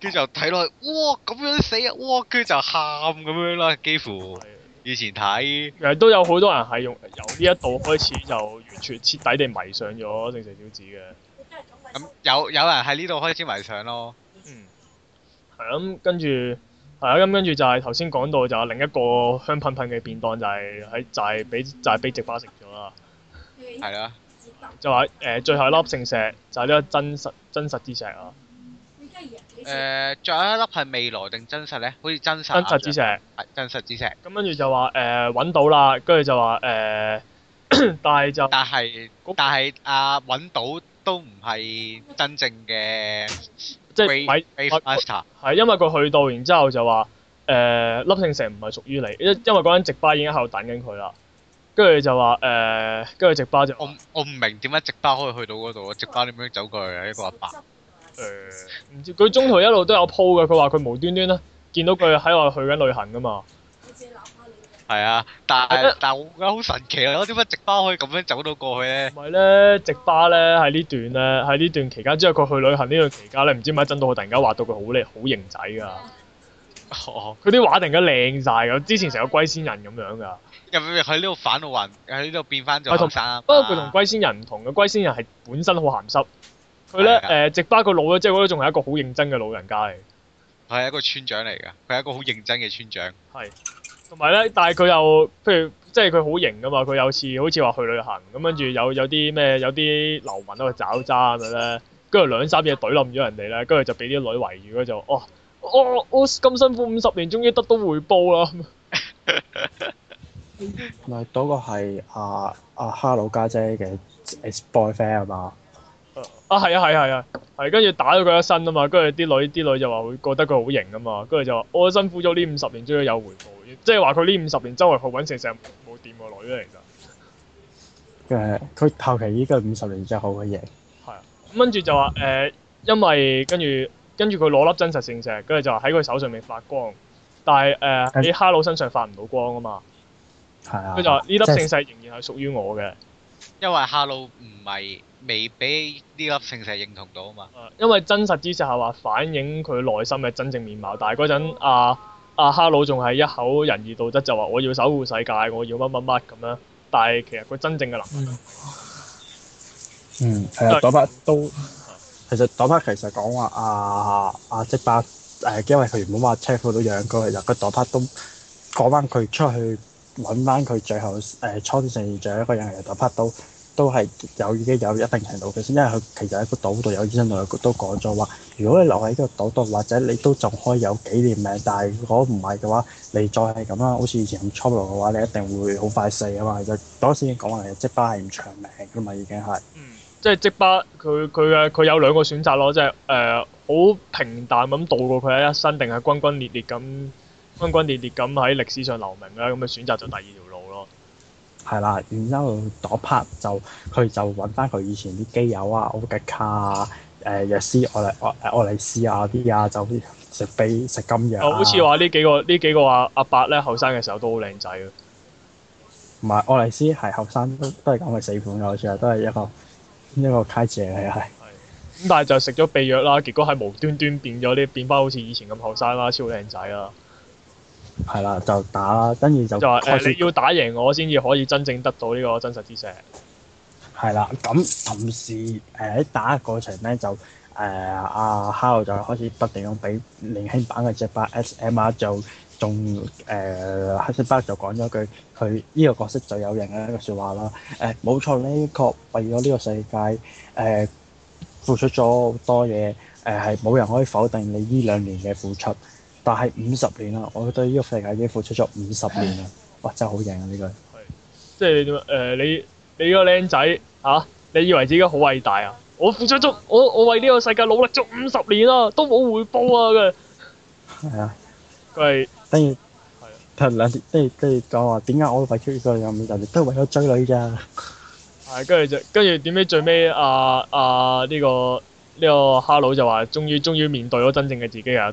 跟住就睇落去，哇，咁樣死啊！哇，跟住就喊咁樣啦，幾乎。以前睇，其實都有好多人係用由呢一度開始就完全徹底地迷上咗《聖石小子》嘅、嗯。咁有有人喺呢度開始迷上咯。嗯。係咁、啊，跟住係啊，咁跟住就係頭先講到就另一個香噴噴嘅便當就係喺就係俾就係俾直巴食咗啦。係啦。就話、是、誒、就是啊呃，最後一粒聖石就係呢粒真實真實之石啊！誒，著、呃、一粒係未來定真實咧？好似真實，啊真實啊。真實之石。係真實之石。咁跟住就話誒揾到啦，跟住就話誒，但係就，但係，但係阿揾到都唔係真正嘅，即係，係 ave 因為佢去到，然之後就話誒、呃，粒聖石唔係屬於你，因因為嗰陣直播已經喺度等緊佢啦，跟住就話誒，跟、呃、住直播就我，我我唔明點解直播可以去到嗰度啊？直播點樣走過去啊？一、這個阿伯。誒唔、呃、知佢中途一路都有 po 嘅，佢話佢無端端咧見到佢喺話去緊旅行噶嘛。好似流花鳥。係啊，但係嗎但係我覺得好神奇啊！有啲乜直巴可以咁樣走到過去咧？唔係咧，直巴咧喺呢段咧，喺呢段期間之後，佢去旅行呢段期間咧，唔知點解真到我突然間、啊、畫到佢好靚好型仔㗎。佢啲畫突然間靚晒㗎，之前成個龜仙人咁樣㗎。又喺呢度反到雲？喺呢度變翻咗。係同不過佢同龜仙人唔同嘅，龜仙人係本身好鹹濕。佢咧誒直巴個腦咧，即係我覺得仲係一個好認真嘅老人家嚟。係一個村長嚟噶，佢係一個好認真嘅村長。係，同埋咧，但係佢又譬如即係佢好型噶嘛，佢有次好似話去旅行咁，跟住有有啲咩有啲流民喺度找渣咁樣咧，跟住兩三隻隊冧咗人哋咧，跟住就俾啲女圍住，佢就哦哦，我咁辛苦五十年，終於得到回報啦。咪嗰 個係阿哈魯家姐嘅 ex boyfriend 係嘛？啊，係啊，係啊，係啊，係跟住打咗佢一身啊嘛，跟住啲女啲女就話會覺得佢好型啊嘛，跟住就話我辛苦咗呢五十年終於有回報，即係話佢呢五十年周圍去揾聖石冇掂過女咧，其實誒、呃，佢後期依家五十年最後嘅贏係啊，跟住就話誒、呃，因為跟住跟住佢攞粒真實聖石，跟住就話喺佢手上面發光，但係誒喺哈魯身上發唔到光啊嘛，係啊，跟住就話呢粒聖石仍然係屬於我嘅，因為哈魯唔係。未俾呢粒聖石認同到啊嘛，因為真實之石係話反映佢內心嘅真正面貌，但係嗰陣阿阿哈魯仲係一口仁義道德，就話我要守護世界，我要乜乜乜咁樣。但係其實佢真正嘅能力，嗯，係、呃、啊，朵巴都其實朵巴其實講話阿阿即白誒、呃，因為佢原本話車庫都養過，其實個朵巴都講翻佢出去揾翻佢最後誒、呃、初戰勝利最後一個人嚟，朵巴都。都係有已經有一定程度嘅先，因為佢其實喺個島度有醫生同佢都講咗話，如果你留喺呢個島度，或者你都仲可以有幾年命，但係如果唔係嘅話，你再係咁啦，好似以前咁粗魯嘅話，你一定會好快死嘅嘛。其實嗰陣時已經講話，積巴係唔長命嘅嘛，已經係。嗯，即係積巴，佢佢嘅佢有兩個選擇咯，即係誒好平淡咁度過佢嘅一生，定係轟轟烈烈咁轟轟烈烈咁喺歷史上留名咧？咁咪選擇咗第二條。係啦，然之後嗰 part 就佢就揾翻佢以前啲基友啊，奧吉卡啊，誒、呃、藥師、愛麗愛愛麗絲啊啲啊，就食秘食金藥。好似話呢幾個呢幾個話、啊、阿伯咧後生嘅時候都好靚仔唔係，愛麗絲係後生都都係咁嘅死款嘅，好似係都係一個的一個閪姐嚟嘅，係。咁但係就食咗秘藥啦，結果係無端端變咗啲，變翻好似以前咁後生啦，超靚仔啦。係啦，就打啦。跟住就就話你要打贏我先至可以真正得到呢個真實知識。係啦，咁同時誒、喺、呃、打嘅過程咧，就誒、阿、呃啊、哈就開始不斷咁比年輕版嘅隻巴 S M r 就仲誒黑色巴就講咗句佢呢個角色最有型嘅一個説話啦。誒冇錯，你確為咗呢個世界誒、呃、付出咗好多嘢，誒係冇人可以否定你呢兩年嘅付出。但係五十年啦，我對呢個世界已經付出咗五十年啦，哇！真係好型啊呢句，即係誒你、呃、你呢個靚仔啊，你以為自己好偉大啊？我付出咗，我我為呢個世界努力咗五十年啦、啊，都冇回報啊！佢係，啊，佢係等於係啊，兩即係即係講話點解我付出咗咁長年，都係為咗追女咋？係跟住跟住點解最尾啊？啊，呢個呢個哈佬就話，終於終於面對咗真正嘅自己啊！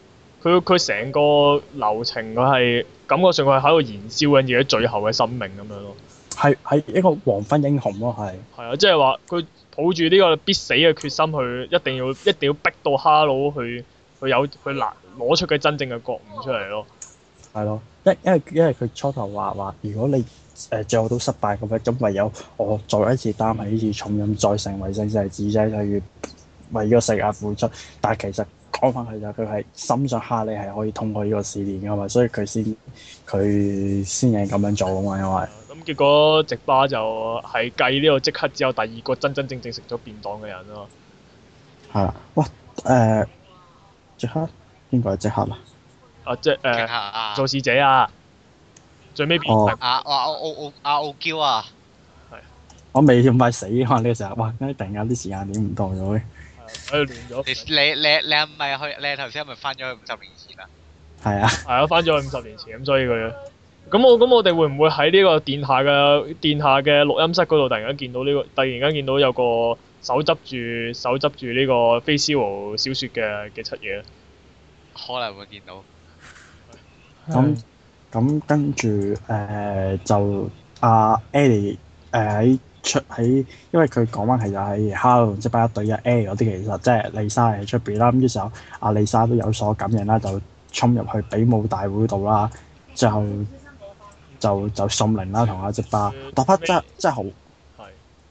佢佢成個流程，佢係感覺上佢係喺度燃燒緊自己最後嘅生命咁樣咯。係係一個黃昏英雄咯，係係啊，即係話佢抱住呢個必死嘅決心去，一定要一定要逼到哈佬去去有去攔攞出佢真正嘅覺悟出嚟咯。係咯，因為因為因為佢初頭話話，如果你誒、呃、最後都失敗咁樣，咁唯有我再一次擔起呢次重任，再成為盛世仔仔，例如為呢個世界付出。但係其實講翻佢就佢係深信吓你係可以通過呢個試煉噶嘛，所以佢先佢先係咁樣做啊嘛，因為咁結果直巴就係計呢個即刻之後第二個真真正正食咗便當嘅人囉，係啦，哇，誒，即刻，邊個係即刻啊？啊即誒，做試者啊，最尾啊！啊！阿阿阿阿傲嬌啊，係，我未要快死，可能呢個時候，哇，跟住突然有啲時間點唔同咗嘅。佢亂咗。你你你係咪去，你頭先係咪翻咗去五十年前啊？係啊，係啊，翻咗去五十年前，咁所以佢。咁我咁我哋會唔會喺呢個殿下嘅殿下嘅錄音室嗰度突然間見到呢個？突然間見到有個手執住手執住呢個《飛蕭》小說嘅嘅出嘢咧？可能會見到。咁咁跟住誒，就阿 Eddie 誒。出喺，因為佢講翻其實就喺哈倫即巴一對一，Air 嗰啲其實即係麗莎喺出邊啦，咁嘅時候阿麗莎都有所感應啦，就衝入去比武大會度啦，就就就順靈啦同阿即巴，嗰 part、嗯、真係真係是好，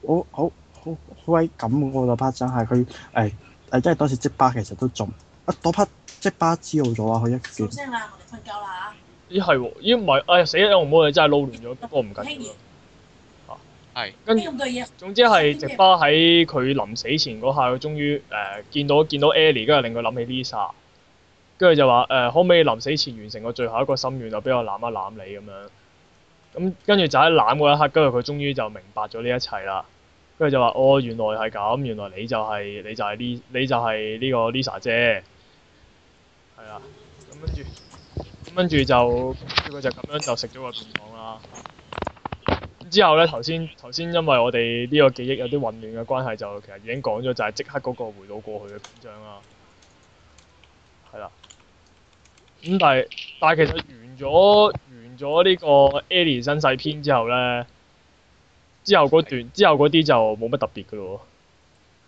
好好好好鬼咁嗰個 part 真係是，佢誒誒即係當時即巴其實都仲，啊嗰 part 即巴知道咗啊，佢一見。聲啦、欸欸哎，我哋瞓覺啦，咦係喎，咦唔係，哎呀死啦，龍哥你真係撈亂咗，不過唔緊要。係，跟總之係直巴喺佢臨死前嗰下，佢終於誒、呃、見到見到 Ellie，跟住令佢諗起 Lisa，跟住就話誒、呃、可唔可以臨死前完成我最後一個心願，就俾我攬一攬你咁樣，咁跟住就喺攬嗰一刻，跟住佢終於就明白咗呢一切啦，跟住就話哦原來係咁，原來你就係、是、你就係、是、呢你就係呢個 Lisa 姐，係啊，咁跟住，咁跟住就佢就咁樣就食咗個便當啦。之後呢，頭先頭先，因為我哋呢個記憶有啲混亂嘅關係，就其實已經講咗，就係即刻嗰個回到過去嘅篇章啊，係啦。咁但係，但係其實完咗完咗呢個 Ellie 身世篇之後呢，之後嗰段的之後嗰啲就冇乜特別嘅咯。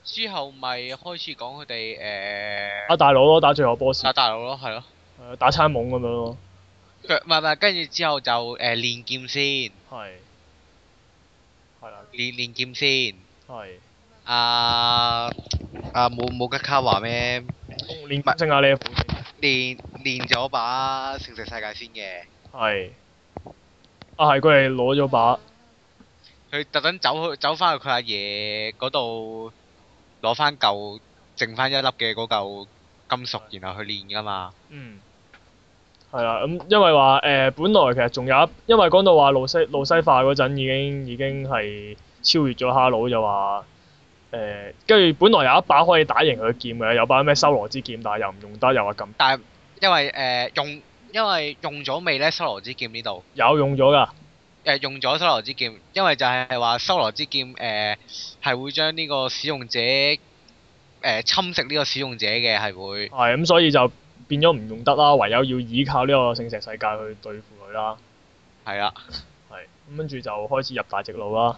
之後咪開始講佢哋誒。啊、呃，打大佬咯，打最後 boss。打，大佬咯，係、呃、咯。打餐懵咁樣咯。跟住之後就誒、呃、練劍先。係。練練劍先，係。阿阿冇冇吉卡話咩？練把剩啊，你。練練咗把盛世世界先嘅。係。啊係，佢係攞咗把。佢特登走去走翻去佢阿爺嗰度，攞翻嚿剩翻一粒嘅嗰嚿金屬，然後去練㗎嘛。嗯。係啊，咁、嗯、因為話誒、呃，本來其實仲有一，因為講到話路西路西法嗰陣已經已經係超越咗哈佬。就話誒，跟住本來有一把可以打贏佢嘅劍嘅，有把咩修羅之劍，但係又唔用得，又話咁。但係因為誒、呃、用，因為用咗未咧修羅之劍呢度。有用咗㗎。誒、呃、用咗修羅之劍，因為就係係話修羅之劍誒係、呃、會將呢個使用者誒、呃、侵蝕呢個使用者嘅係會。係咁，所以就。嗯。變咗唔用得啦，唯有要依靠呢個聖石世界去對付佢啦。係啊，係咁跟住就開始入大直路啦。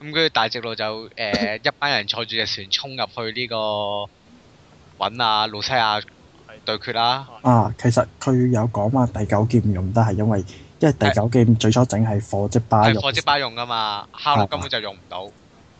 咁跟住大直路就誒、呃、 一班人坐住隻船衝入去呢、這個搵啊，路西亞對決啦、啊啊。啊，其實佢有講啊，第九劍用得係因為因為第九劍最初整係火之巴用。係火之巴用噶嘛，哈魯根本就用唔到。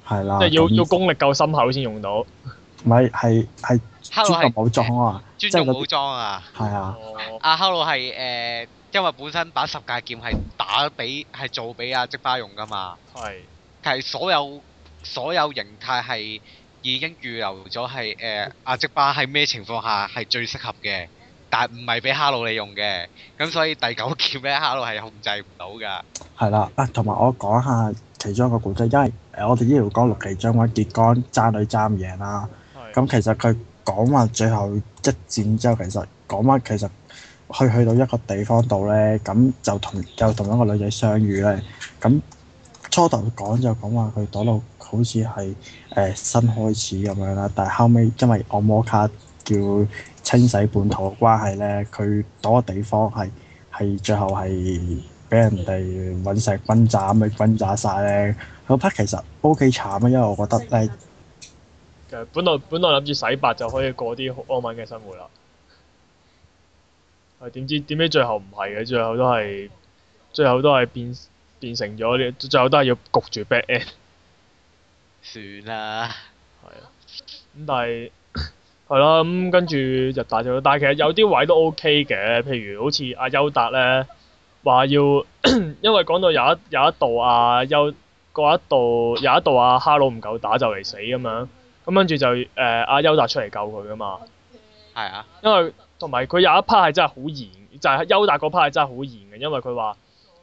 係啦、啊，即係、啊、要那要，要功力夠深厚先用到。唔係係係。專用武裝啊！專用武裝啊！係啊，阿哈魯係誒，因為本身把十架劍係打俾係做俾阿即巴用噶嘛。係係所有所有形態係已經預留咗係誒阿即巴係咩情況下係最適合嘅，但唔係俾哈魯利用嘅，咁所以第九劍咧，哈魯係控制唔到㗎。係啦，啊同埋我講下其中一個古仔，因為誒我哋依度講六奇將揾鐵杆爭女爭贏啦。咁其實佢。講話最後一戰之後，其實講話其實佢去，去到一個地方度咧，咁就同又同一個女仔相遇咧。咁初頭講就講話佢躲到好似係誒新開始咁樣啦，但係後尾，因為按摩卡叫清洗本土嘅關係咧，佢躲嘅地方係係最後係俾人哋隕石轟炸，咪轟炸曬咧。嗰 part 其實都幾慘啊，因為我覺得咧。本來本來諗住洗白就可以過啲好安穩嘅生活啦。係點知點知最後唔係嘅，最後都係最後都係變變成咗呢，最後都係要焗住 bad end。算啦。係啊。咁但係係啦，咁跟住就大隻，但係、嗯、其實有啲位都 OK 嘅，譬如好似阿優達咧話要， 因為講到有一有一度啊，優嗰一度有一度啊，哈佬唔夠打就嚟死咁樣。咁跟住就誒阿優達出嚟救佢噶嘛，係啊，因有有、就是，因為同埋佢有一 part 係真係好嚴，就係優達嗰 part 係真係好嚴嘅，因為佢話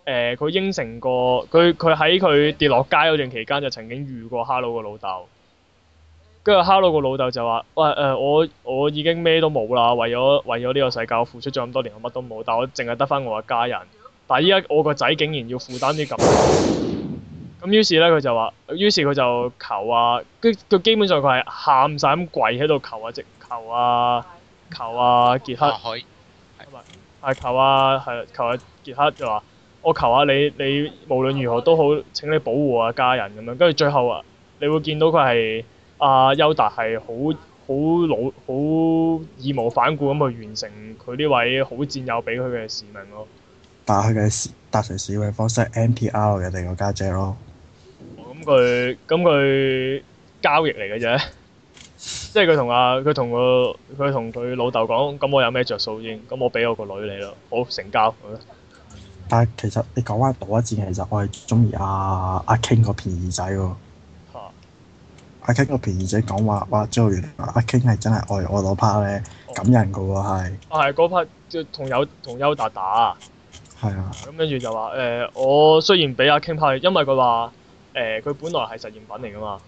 誒佢應承過，佢佢喺佢跌落街嗰段期間就曾經遇過哈佬個老豆。跟住哈佬個老豆就話，喂誒、呃、我我已經咩都冇啦，為咗為咗呢個世界我付出咗咁多年，我乜都冇，但我淨係得翻我一家人。但係依家我個仔竟然要負擔啲咁。咁於是咧，佢就話，於是佢就求啊，佢佢基本上佢係喊晒咁跪喺度求啊，直求啊，求啊傑克，係求啊，係、啊求，啊、求啊傑克就話我求下、啊、你，你無論如何都好，請你保護我、啊、家人咁樣。跟住最後啊，你會見到佢係阿優達係好好老，好義無反顧咁去完成佢呢位好戰友俾佢嘅使命咯。但係佢嘅達成使命方式，NTR 嘅第二個家姐咯。佢咁佢交易嚟嘅啫，即係佢同阿佢同個佢同佢老豆講，咁我有咩着數先？咁我俾我個女你咯，好成交。嗯、但係其實你講翻賭一戰，其實我係中意阿阿 king 個便宜仔喎。阿 king、啊啊啊、個便宜仔講話話，最後完阿 king 係真係愛愛到 part 咧，感人嘅喎係。啊係嗰、那個、part 就同友同友達打，係啊。咁跟住就話誒、呃，我雖然俾阿 king 拍，因為佢話。誒，佢、呃、本來係實驗品嚟㗎嘛，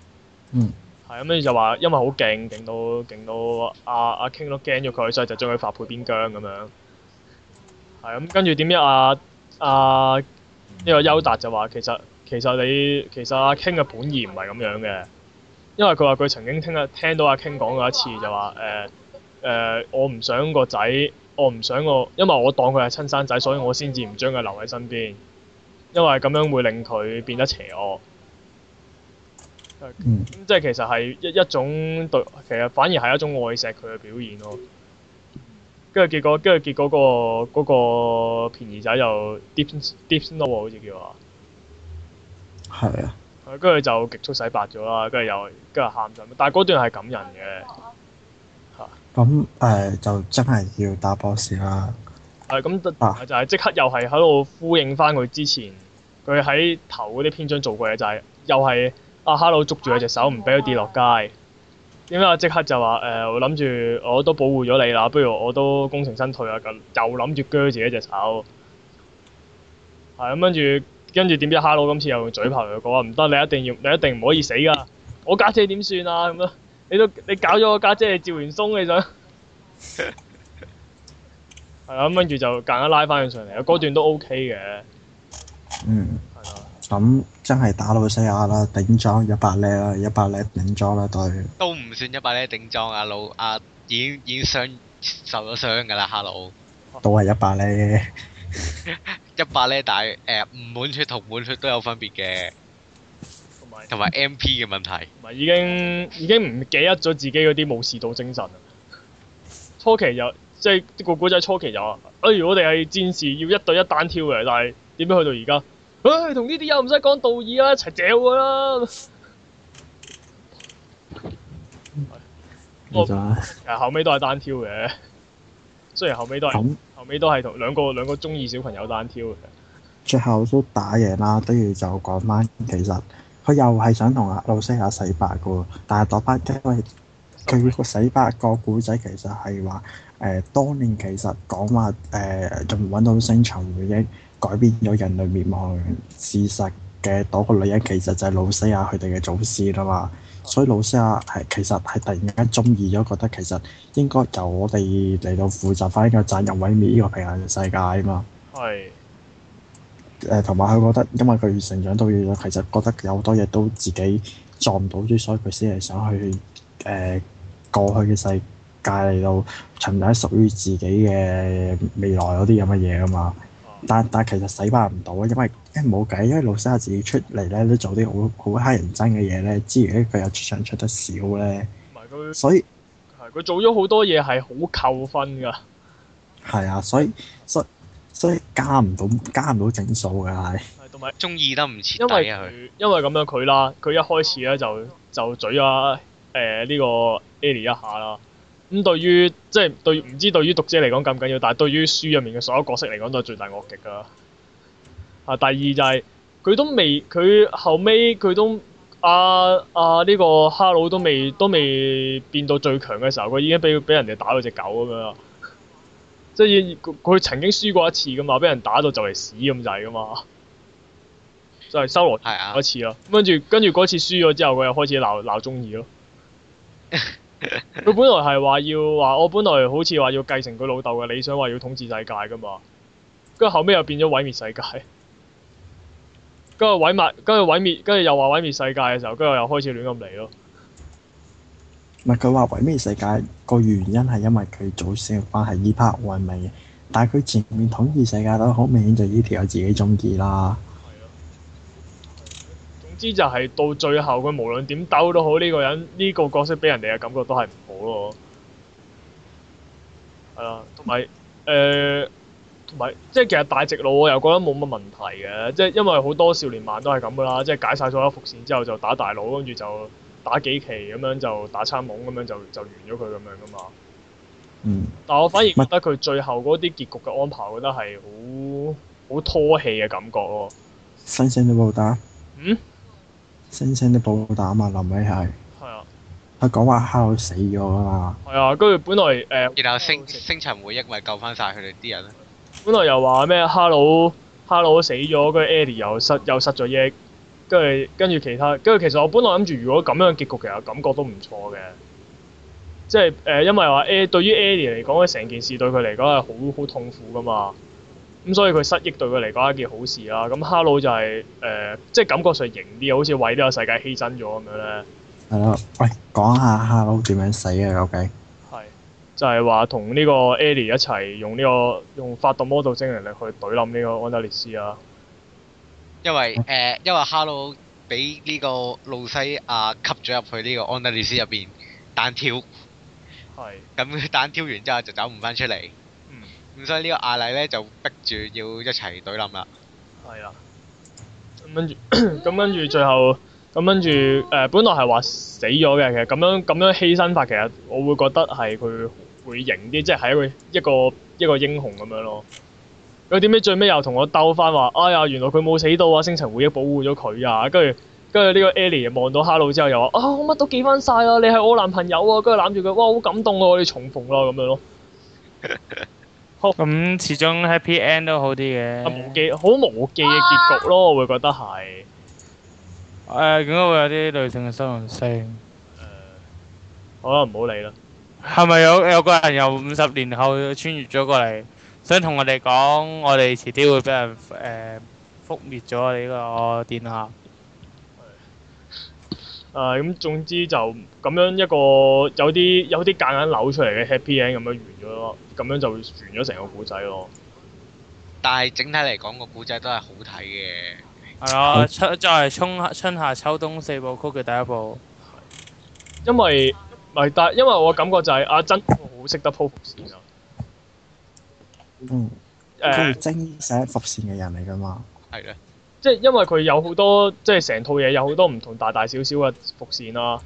係咁跟住就話，因為好勁，勁到勁到阿阿 King 都驚咗佢，所以就將佢發配邊疆咁樣。係、啊、咁，跟住點知阿阿呢個優達就話：其實其實你其實阿、啊、King 嘅本意唔係咁樣嘅，因為佢話佢曾經聽啊聽到阿、啊、King 講過一次，就話誒誒，我唔想個仔，我唔想我，因為我當佢係親生仔，所以我先至唔將佢留喺身邊，因為咁樣會令佢變得邪惡。即係、嗯、其實係一一種對，其實反而係一種愛錫佢嘅表現咯。跟住結果，跟住結果、嗰個，嗰個便宜仔又「deep deep snow 好似叫啊、嗯，係啊，跟住就極速洗白咗啦。跟住又跟住喊咗，但係嗰段係感人嘅嚇。咁、嗯、誒、嗯嗯、就真係要打 boss 啦。係咁、啊嗯，就係即刻又係喺度呼應翻佢之前佢喺頭嗰啲篇章做過嘢、就係，就係又係。阿哈佬捉住佢隻手，唔畀佢跌落街。點解我即刻就話誒、呃？我諗住我都保護咗你啦，不如我都功成身退啊！咁又諗住鋸自己隻手。係咁跟住，跟住點知哈佬今次又用嘴炮嚟講話唔得，你一定要你一定唔可以死㗎！我家姐點算啊？咁、嗯、樣你都你搞咗我家姐趙元鬆你想？係啊，咁跟住就夾硬拉翻佢上嚟，嗰段都 OK 嘅。嗯。係、嗯、啊。咁、嗯。真係打到老西亞啦，頂裝一百呂啦，一百呂頂裝啦，對。都唔算一百呂頂裝啊，老阿已經已經傷受咗傷噶啦，Hello。都係一百呂。 一百呂，但係誒，唔、呃、滿血同滿血都有分別嘅。同埋 MP 嘅問題。同已經已經唔記得咗自己嗰啲武士道精神初期有，即、就、係、是、個古仔初期有，哎呀，如我哋係戰士要一對一單挑嘅，但係點樣去到而家？唉，同呢啲又唔使講道義啦，一齊掉佢啦。唔 我 後尾都係單挑嘅，雖然後尾都係。咁後尾、嗯、都係同兩個兩個中意小朋友單挑嘅。最後都打贏啦，跟住就講翻，其實佢又係想同阿老西阿洗白嘅，但係嗰班因為佢個洗白個故仔其實係話，誒、呃，當年其實講話誒仲揾到星辰回憶。改變咗人類滅亡事實嘅嗰個女人，其實就係老師啊佢哋嘅祖師啦嘛。所以老師啊，係其實係突然間鍾意咗，覺得其實應該由我哋嚟到負責翻呢個責任，毀滅呢個平行世界啊嘛。係是。誒、呃，同埋佢覺得，因為佢成長到要，其實覺得有好多嘢都自己撞唔到啲，所以佢先係想去誒、呃、過去嘅世界嚟到尋找屬於自己嘅未來嗰啲咁嘅嘢啊嘛。但但其實洗白唔到，因為誒冇計，因為老生自己出嚟咧都做啲好好乞人憎嘅嘢咧，之餘咧佢又出場出得少咧，所以係佢做咗好多嘢係好扣分噶，係啊，所以所以所以所以加唔到加唔到整數嘅係，同埋中意得唔徹底，因為佢，因為咁樣佢啦，佢一開始咧就就嘴啊誒呢個 Ali 一下啦。咁、嗯、對於即係對唔知對於讀者嚟講咁緊要，但係對於書入面嘅所有角色嚟講都係最大惡極㗎。啊，第二就係、是、佢都未，佢後尾，佢都阿阿呢個黑佬都未都未變到最強嘅時候，佢已經俾俾人哋打到隻狗咁樣啦。即係佢曾經輸過一次㗎嘛，俾人打到就嚟死咁滯㗎嘛，就係收攞一次咯、啊。跟住跟住嗰次輸咗之後，佢又開始鬧鬧中二咯。 佢本來係話要話，我本來好似話要繼承佢老豆嘅理想，話要統治世界噶嘛。跟住後尾又變咗毀滅世界，跟住毀，毀滅，跟住毀滅，跟住又話毀滅世界嘅時候，跟住又開始亂咁嚟咯。唔係佢話毀滅世界個原因係因為佢祖先嘅關係呢 part 我係明嘅，但係佢前面統治世界都好明顯就呢條友自己中意啦。知就係到最後，佢無論點兜都好，呢、這個人呢、這個角色俾人哋嘅感覺都係唔好咯。係啊，同埋誒，同、呃、埋即係其實大直路我又覺得冇乜問題嘅，即係因為好多少年漫都係咁噶啦，即係解晒所有伏線之後就打大佬，跟住就打幾期咁樣就打餐懵，咁樣就就完咗佢咁樣噶嘛。嗯。但係我反而覺得佢最後嗰啲結局嘅安排，我覺得係好好拖氣嘅感覺咯。新星嘅冇打。嗯？星星都爆膽啊！嘛，臨尾係係啊，佢講話哈魯死咗啊嘛。係啊，跟住本來誒，然後星星塵回憶咪救翻晒佢哋啲人。本來又話咩？哈魯哈魯死咗，跟住 Eddie 又失又失咗憶，跟住跟住其他跟住，其實我本來諗住如果咁樣結局，其實感覺都唔錯嘅。即係誒、呃，因為話 E、呃、對於 Eddie 嚟講，成件事對佢嚟講係好好痛苦噶嘛。咁所以佢失憶對佢嚟講一件好事啦。咁哈魯就係、是、誒、呃，即係感覺上型啲好似為呢個世界犧牲咗咁樣咧。係啊，喂，講下哈魯點樣死啊？究竟係就係話同呢個艾、e、莉一齊用呢、這個用發動魔導精靈力去懟冧呢個安德利斯啊、呃？因為誒，因為哈魯俾呢個露西亞吸咗入去呢個安德利斯入邊單挑，係咁是單挑完之後就走唔翻出嚟，所以呢個阿力咧，就逼住要一齊對立啦。係啦。跟住咁，跟住最後咁，跟住誒，本來係話死咗嘅，其實咁樣咁樣犧牲法，其實我會覺得係佢會型啲，即係係一個一個，一個英雄咁樣咯。佢點解最尾又同我鬥翻話，哎呀，原來佢冇死到啊！星塵回憶保護咗佢啊！跟住跟住呢個 Ellie 望到 Haloo 之後又話：啊，乜都記翻晒啦！你係我男朋友啊！跟住攬住佢，哇，好感動啊！我哋重逢啦咁樣咯。 咁始終 happy end 都好啲嘅，無記好無記嘅結局咯，我會覺得係。誒點解會有啲女性嘅傷性？誒，好啦，唔好理啦。係咪有有個人由五十年後穿越咗過嚟，想同我哋講，我哋遲啲會俾人誒覆滅咗呢個電塔？誒咁總之就咁樣一個有啲有啲夾硬扭出嚟嘅 happy end 咁樣完咗咯，咁樣就完咗成個故仔咯。但係整體嚟講，個故仔都係好睇嘅。係啊，出就係春春夏秋冬四部曲嘅第一部。因為咪但係因為我感覺就係阿珍好識得鋪伏線啊。嗯。誒。係伏線嘅人嚟㗎嘛。係啊。即係因為佢有好多，即係成套嘢有好多唔同大大小小嘅伏線啦、啊。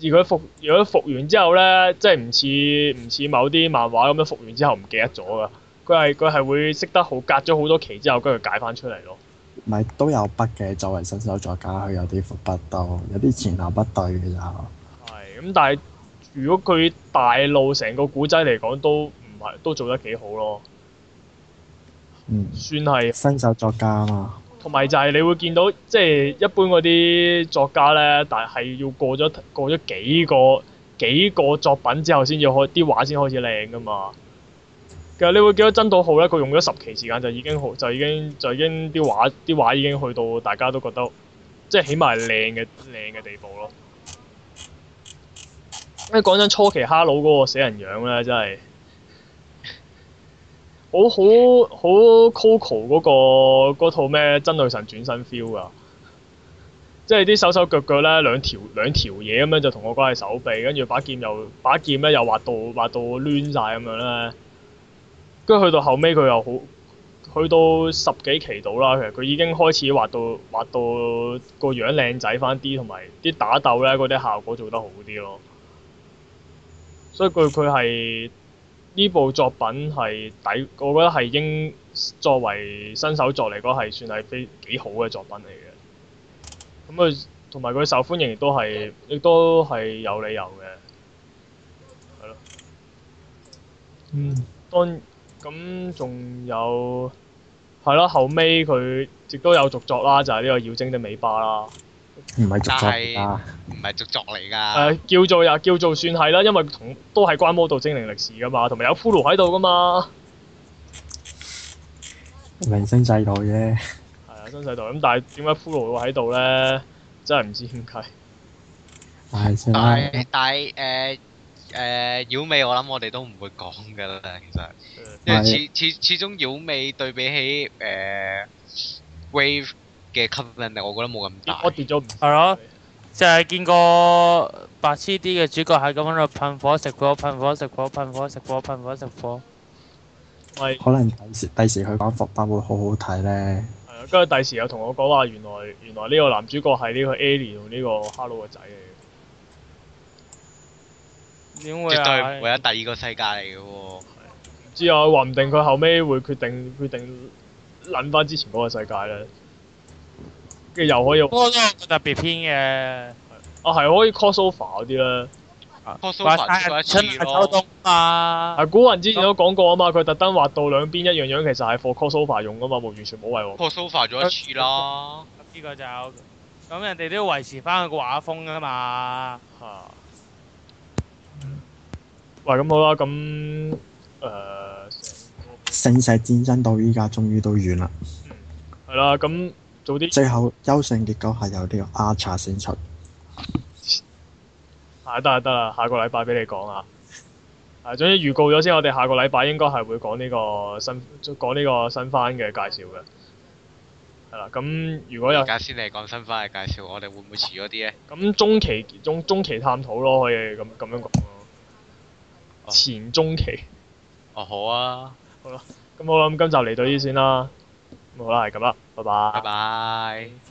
而佢伏，而佢伏完之後咧，即係唔似唔似某啲漫畫咁樣伏完之後唔記得咗噶。佢係佢係會識得好隔咗好多期之後跟住解翻出嚟咯。咪都有筆嘅，作為新手作家，佢有啲伏筆到，有啲前後不對嘅就係咁。但係如果佢大路成個古仔嚟講都唔係都做得幾好咯。嗯，算係是新手作家啊嘛。同埋就係你會見到，即係一般嗰啲作家咧，但係要過咗過咗幾個幾個作品之後，先至開啲畫先開始靚㗎嘛。其實你會見到真島浩咧，佢用咗十期時間就已經好，就已經就已經啲畫啲畫已經去到大家都覺得即係起碼係靚嘅靚嘅地步咯。因為講真初期哈佬嗰個死人樣咧，真係～好好好 coco 嗰個嗰套咩真女神轉身 feel 噶，即係啲手手腳腳咧兩條兩條嘢咁樣，就同我關係手臂，跟住把劍，又把劍咧又畫到畫到攣晒咁樣咧，跟住去到後尾，佢又好，去到十幾期度啦，其實佢已經開始畫到畫到個樣靚仔翻啲，同埋啲打鬥咧嗰啲效果做得好啲咯，所以佢佢係。呢部作品係底，我覺得係應作為新手作嚟講，係算係非幾好嘅作品嚟嘅。咁佢同埋佢受歡迎亦都係，亦都係有理由嘅。係咯。嗯。當咁仲有係咯，後屘佢亦都有續作啦，就係呢個《妖精的尾巴》啦。唔係續作嚟噶，唔係續作嚟噶。誒叫做又叫做算係啦，因為同都係關魔道精靈歷史噶嘛，同埋有骷髏喺度噶嘛。明星世代啫。係啊，新世代咁，但係點解骷髏會喺度咧？真係唔知點計點解。係先啦。但係誒誒妖尾，我諗我哋都唔會講噶啦，其實。因為始始始終妖尾對比起誒 wave。嘅吸引力，我覺得冇咁大。我跌咗係咯，了就係見過白痴啲嘅主角喺咁喺度噴火食火，噴火食火，噴火食火，噴火食火。係喂可能第時第時佢講復版會好好睇咧。係啊，跟住第時又同我講話，原來原來呢個男主角係呢個 Ali 同呢個 Hello 嘅仔嚟。點會啊，絕對會一第二個世界嚟嘅喎。唔知啊，話唔定佢後尾會決定決定諗翻之前嗰個世界咧。又可以，嗰個特別偏嘅，啊，係可以 crossover 嗰啲咧，快趁秋冬啊！啊，古人之前都講過啊嘛，佢特登畫到兩邊一樣樣，其實係 for crossover 用噶嘛，冇完全冇謂。crossover 咗一次啦，咁呢個就，咁人哋都要維持返個畫風噶嘛。啊，喂，咁好啦，咁誒，盛世戰爭到依家終於都完啦，係啦，咁。最後優勝結果係有呢個 archer 先出，係得啦得啦，下個禮拜俾你講啊！啊，總之預告咗先，我哋下個禮拜應該係會講呢個新，講呢個新番嘅介紹嘅，係啦。咁如果有，而家先嚟講新番嘅介紹，我哋會唔會遲咗啲咧？咁中期中中期探討咯，可以咁樣，咁樣講咯。前中期。哦， 哦，好啊。好啦，咁好啦，咁今集嚟到呢先啦。好啦，係咁啦，拜拜。拜拜。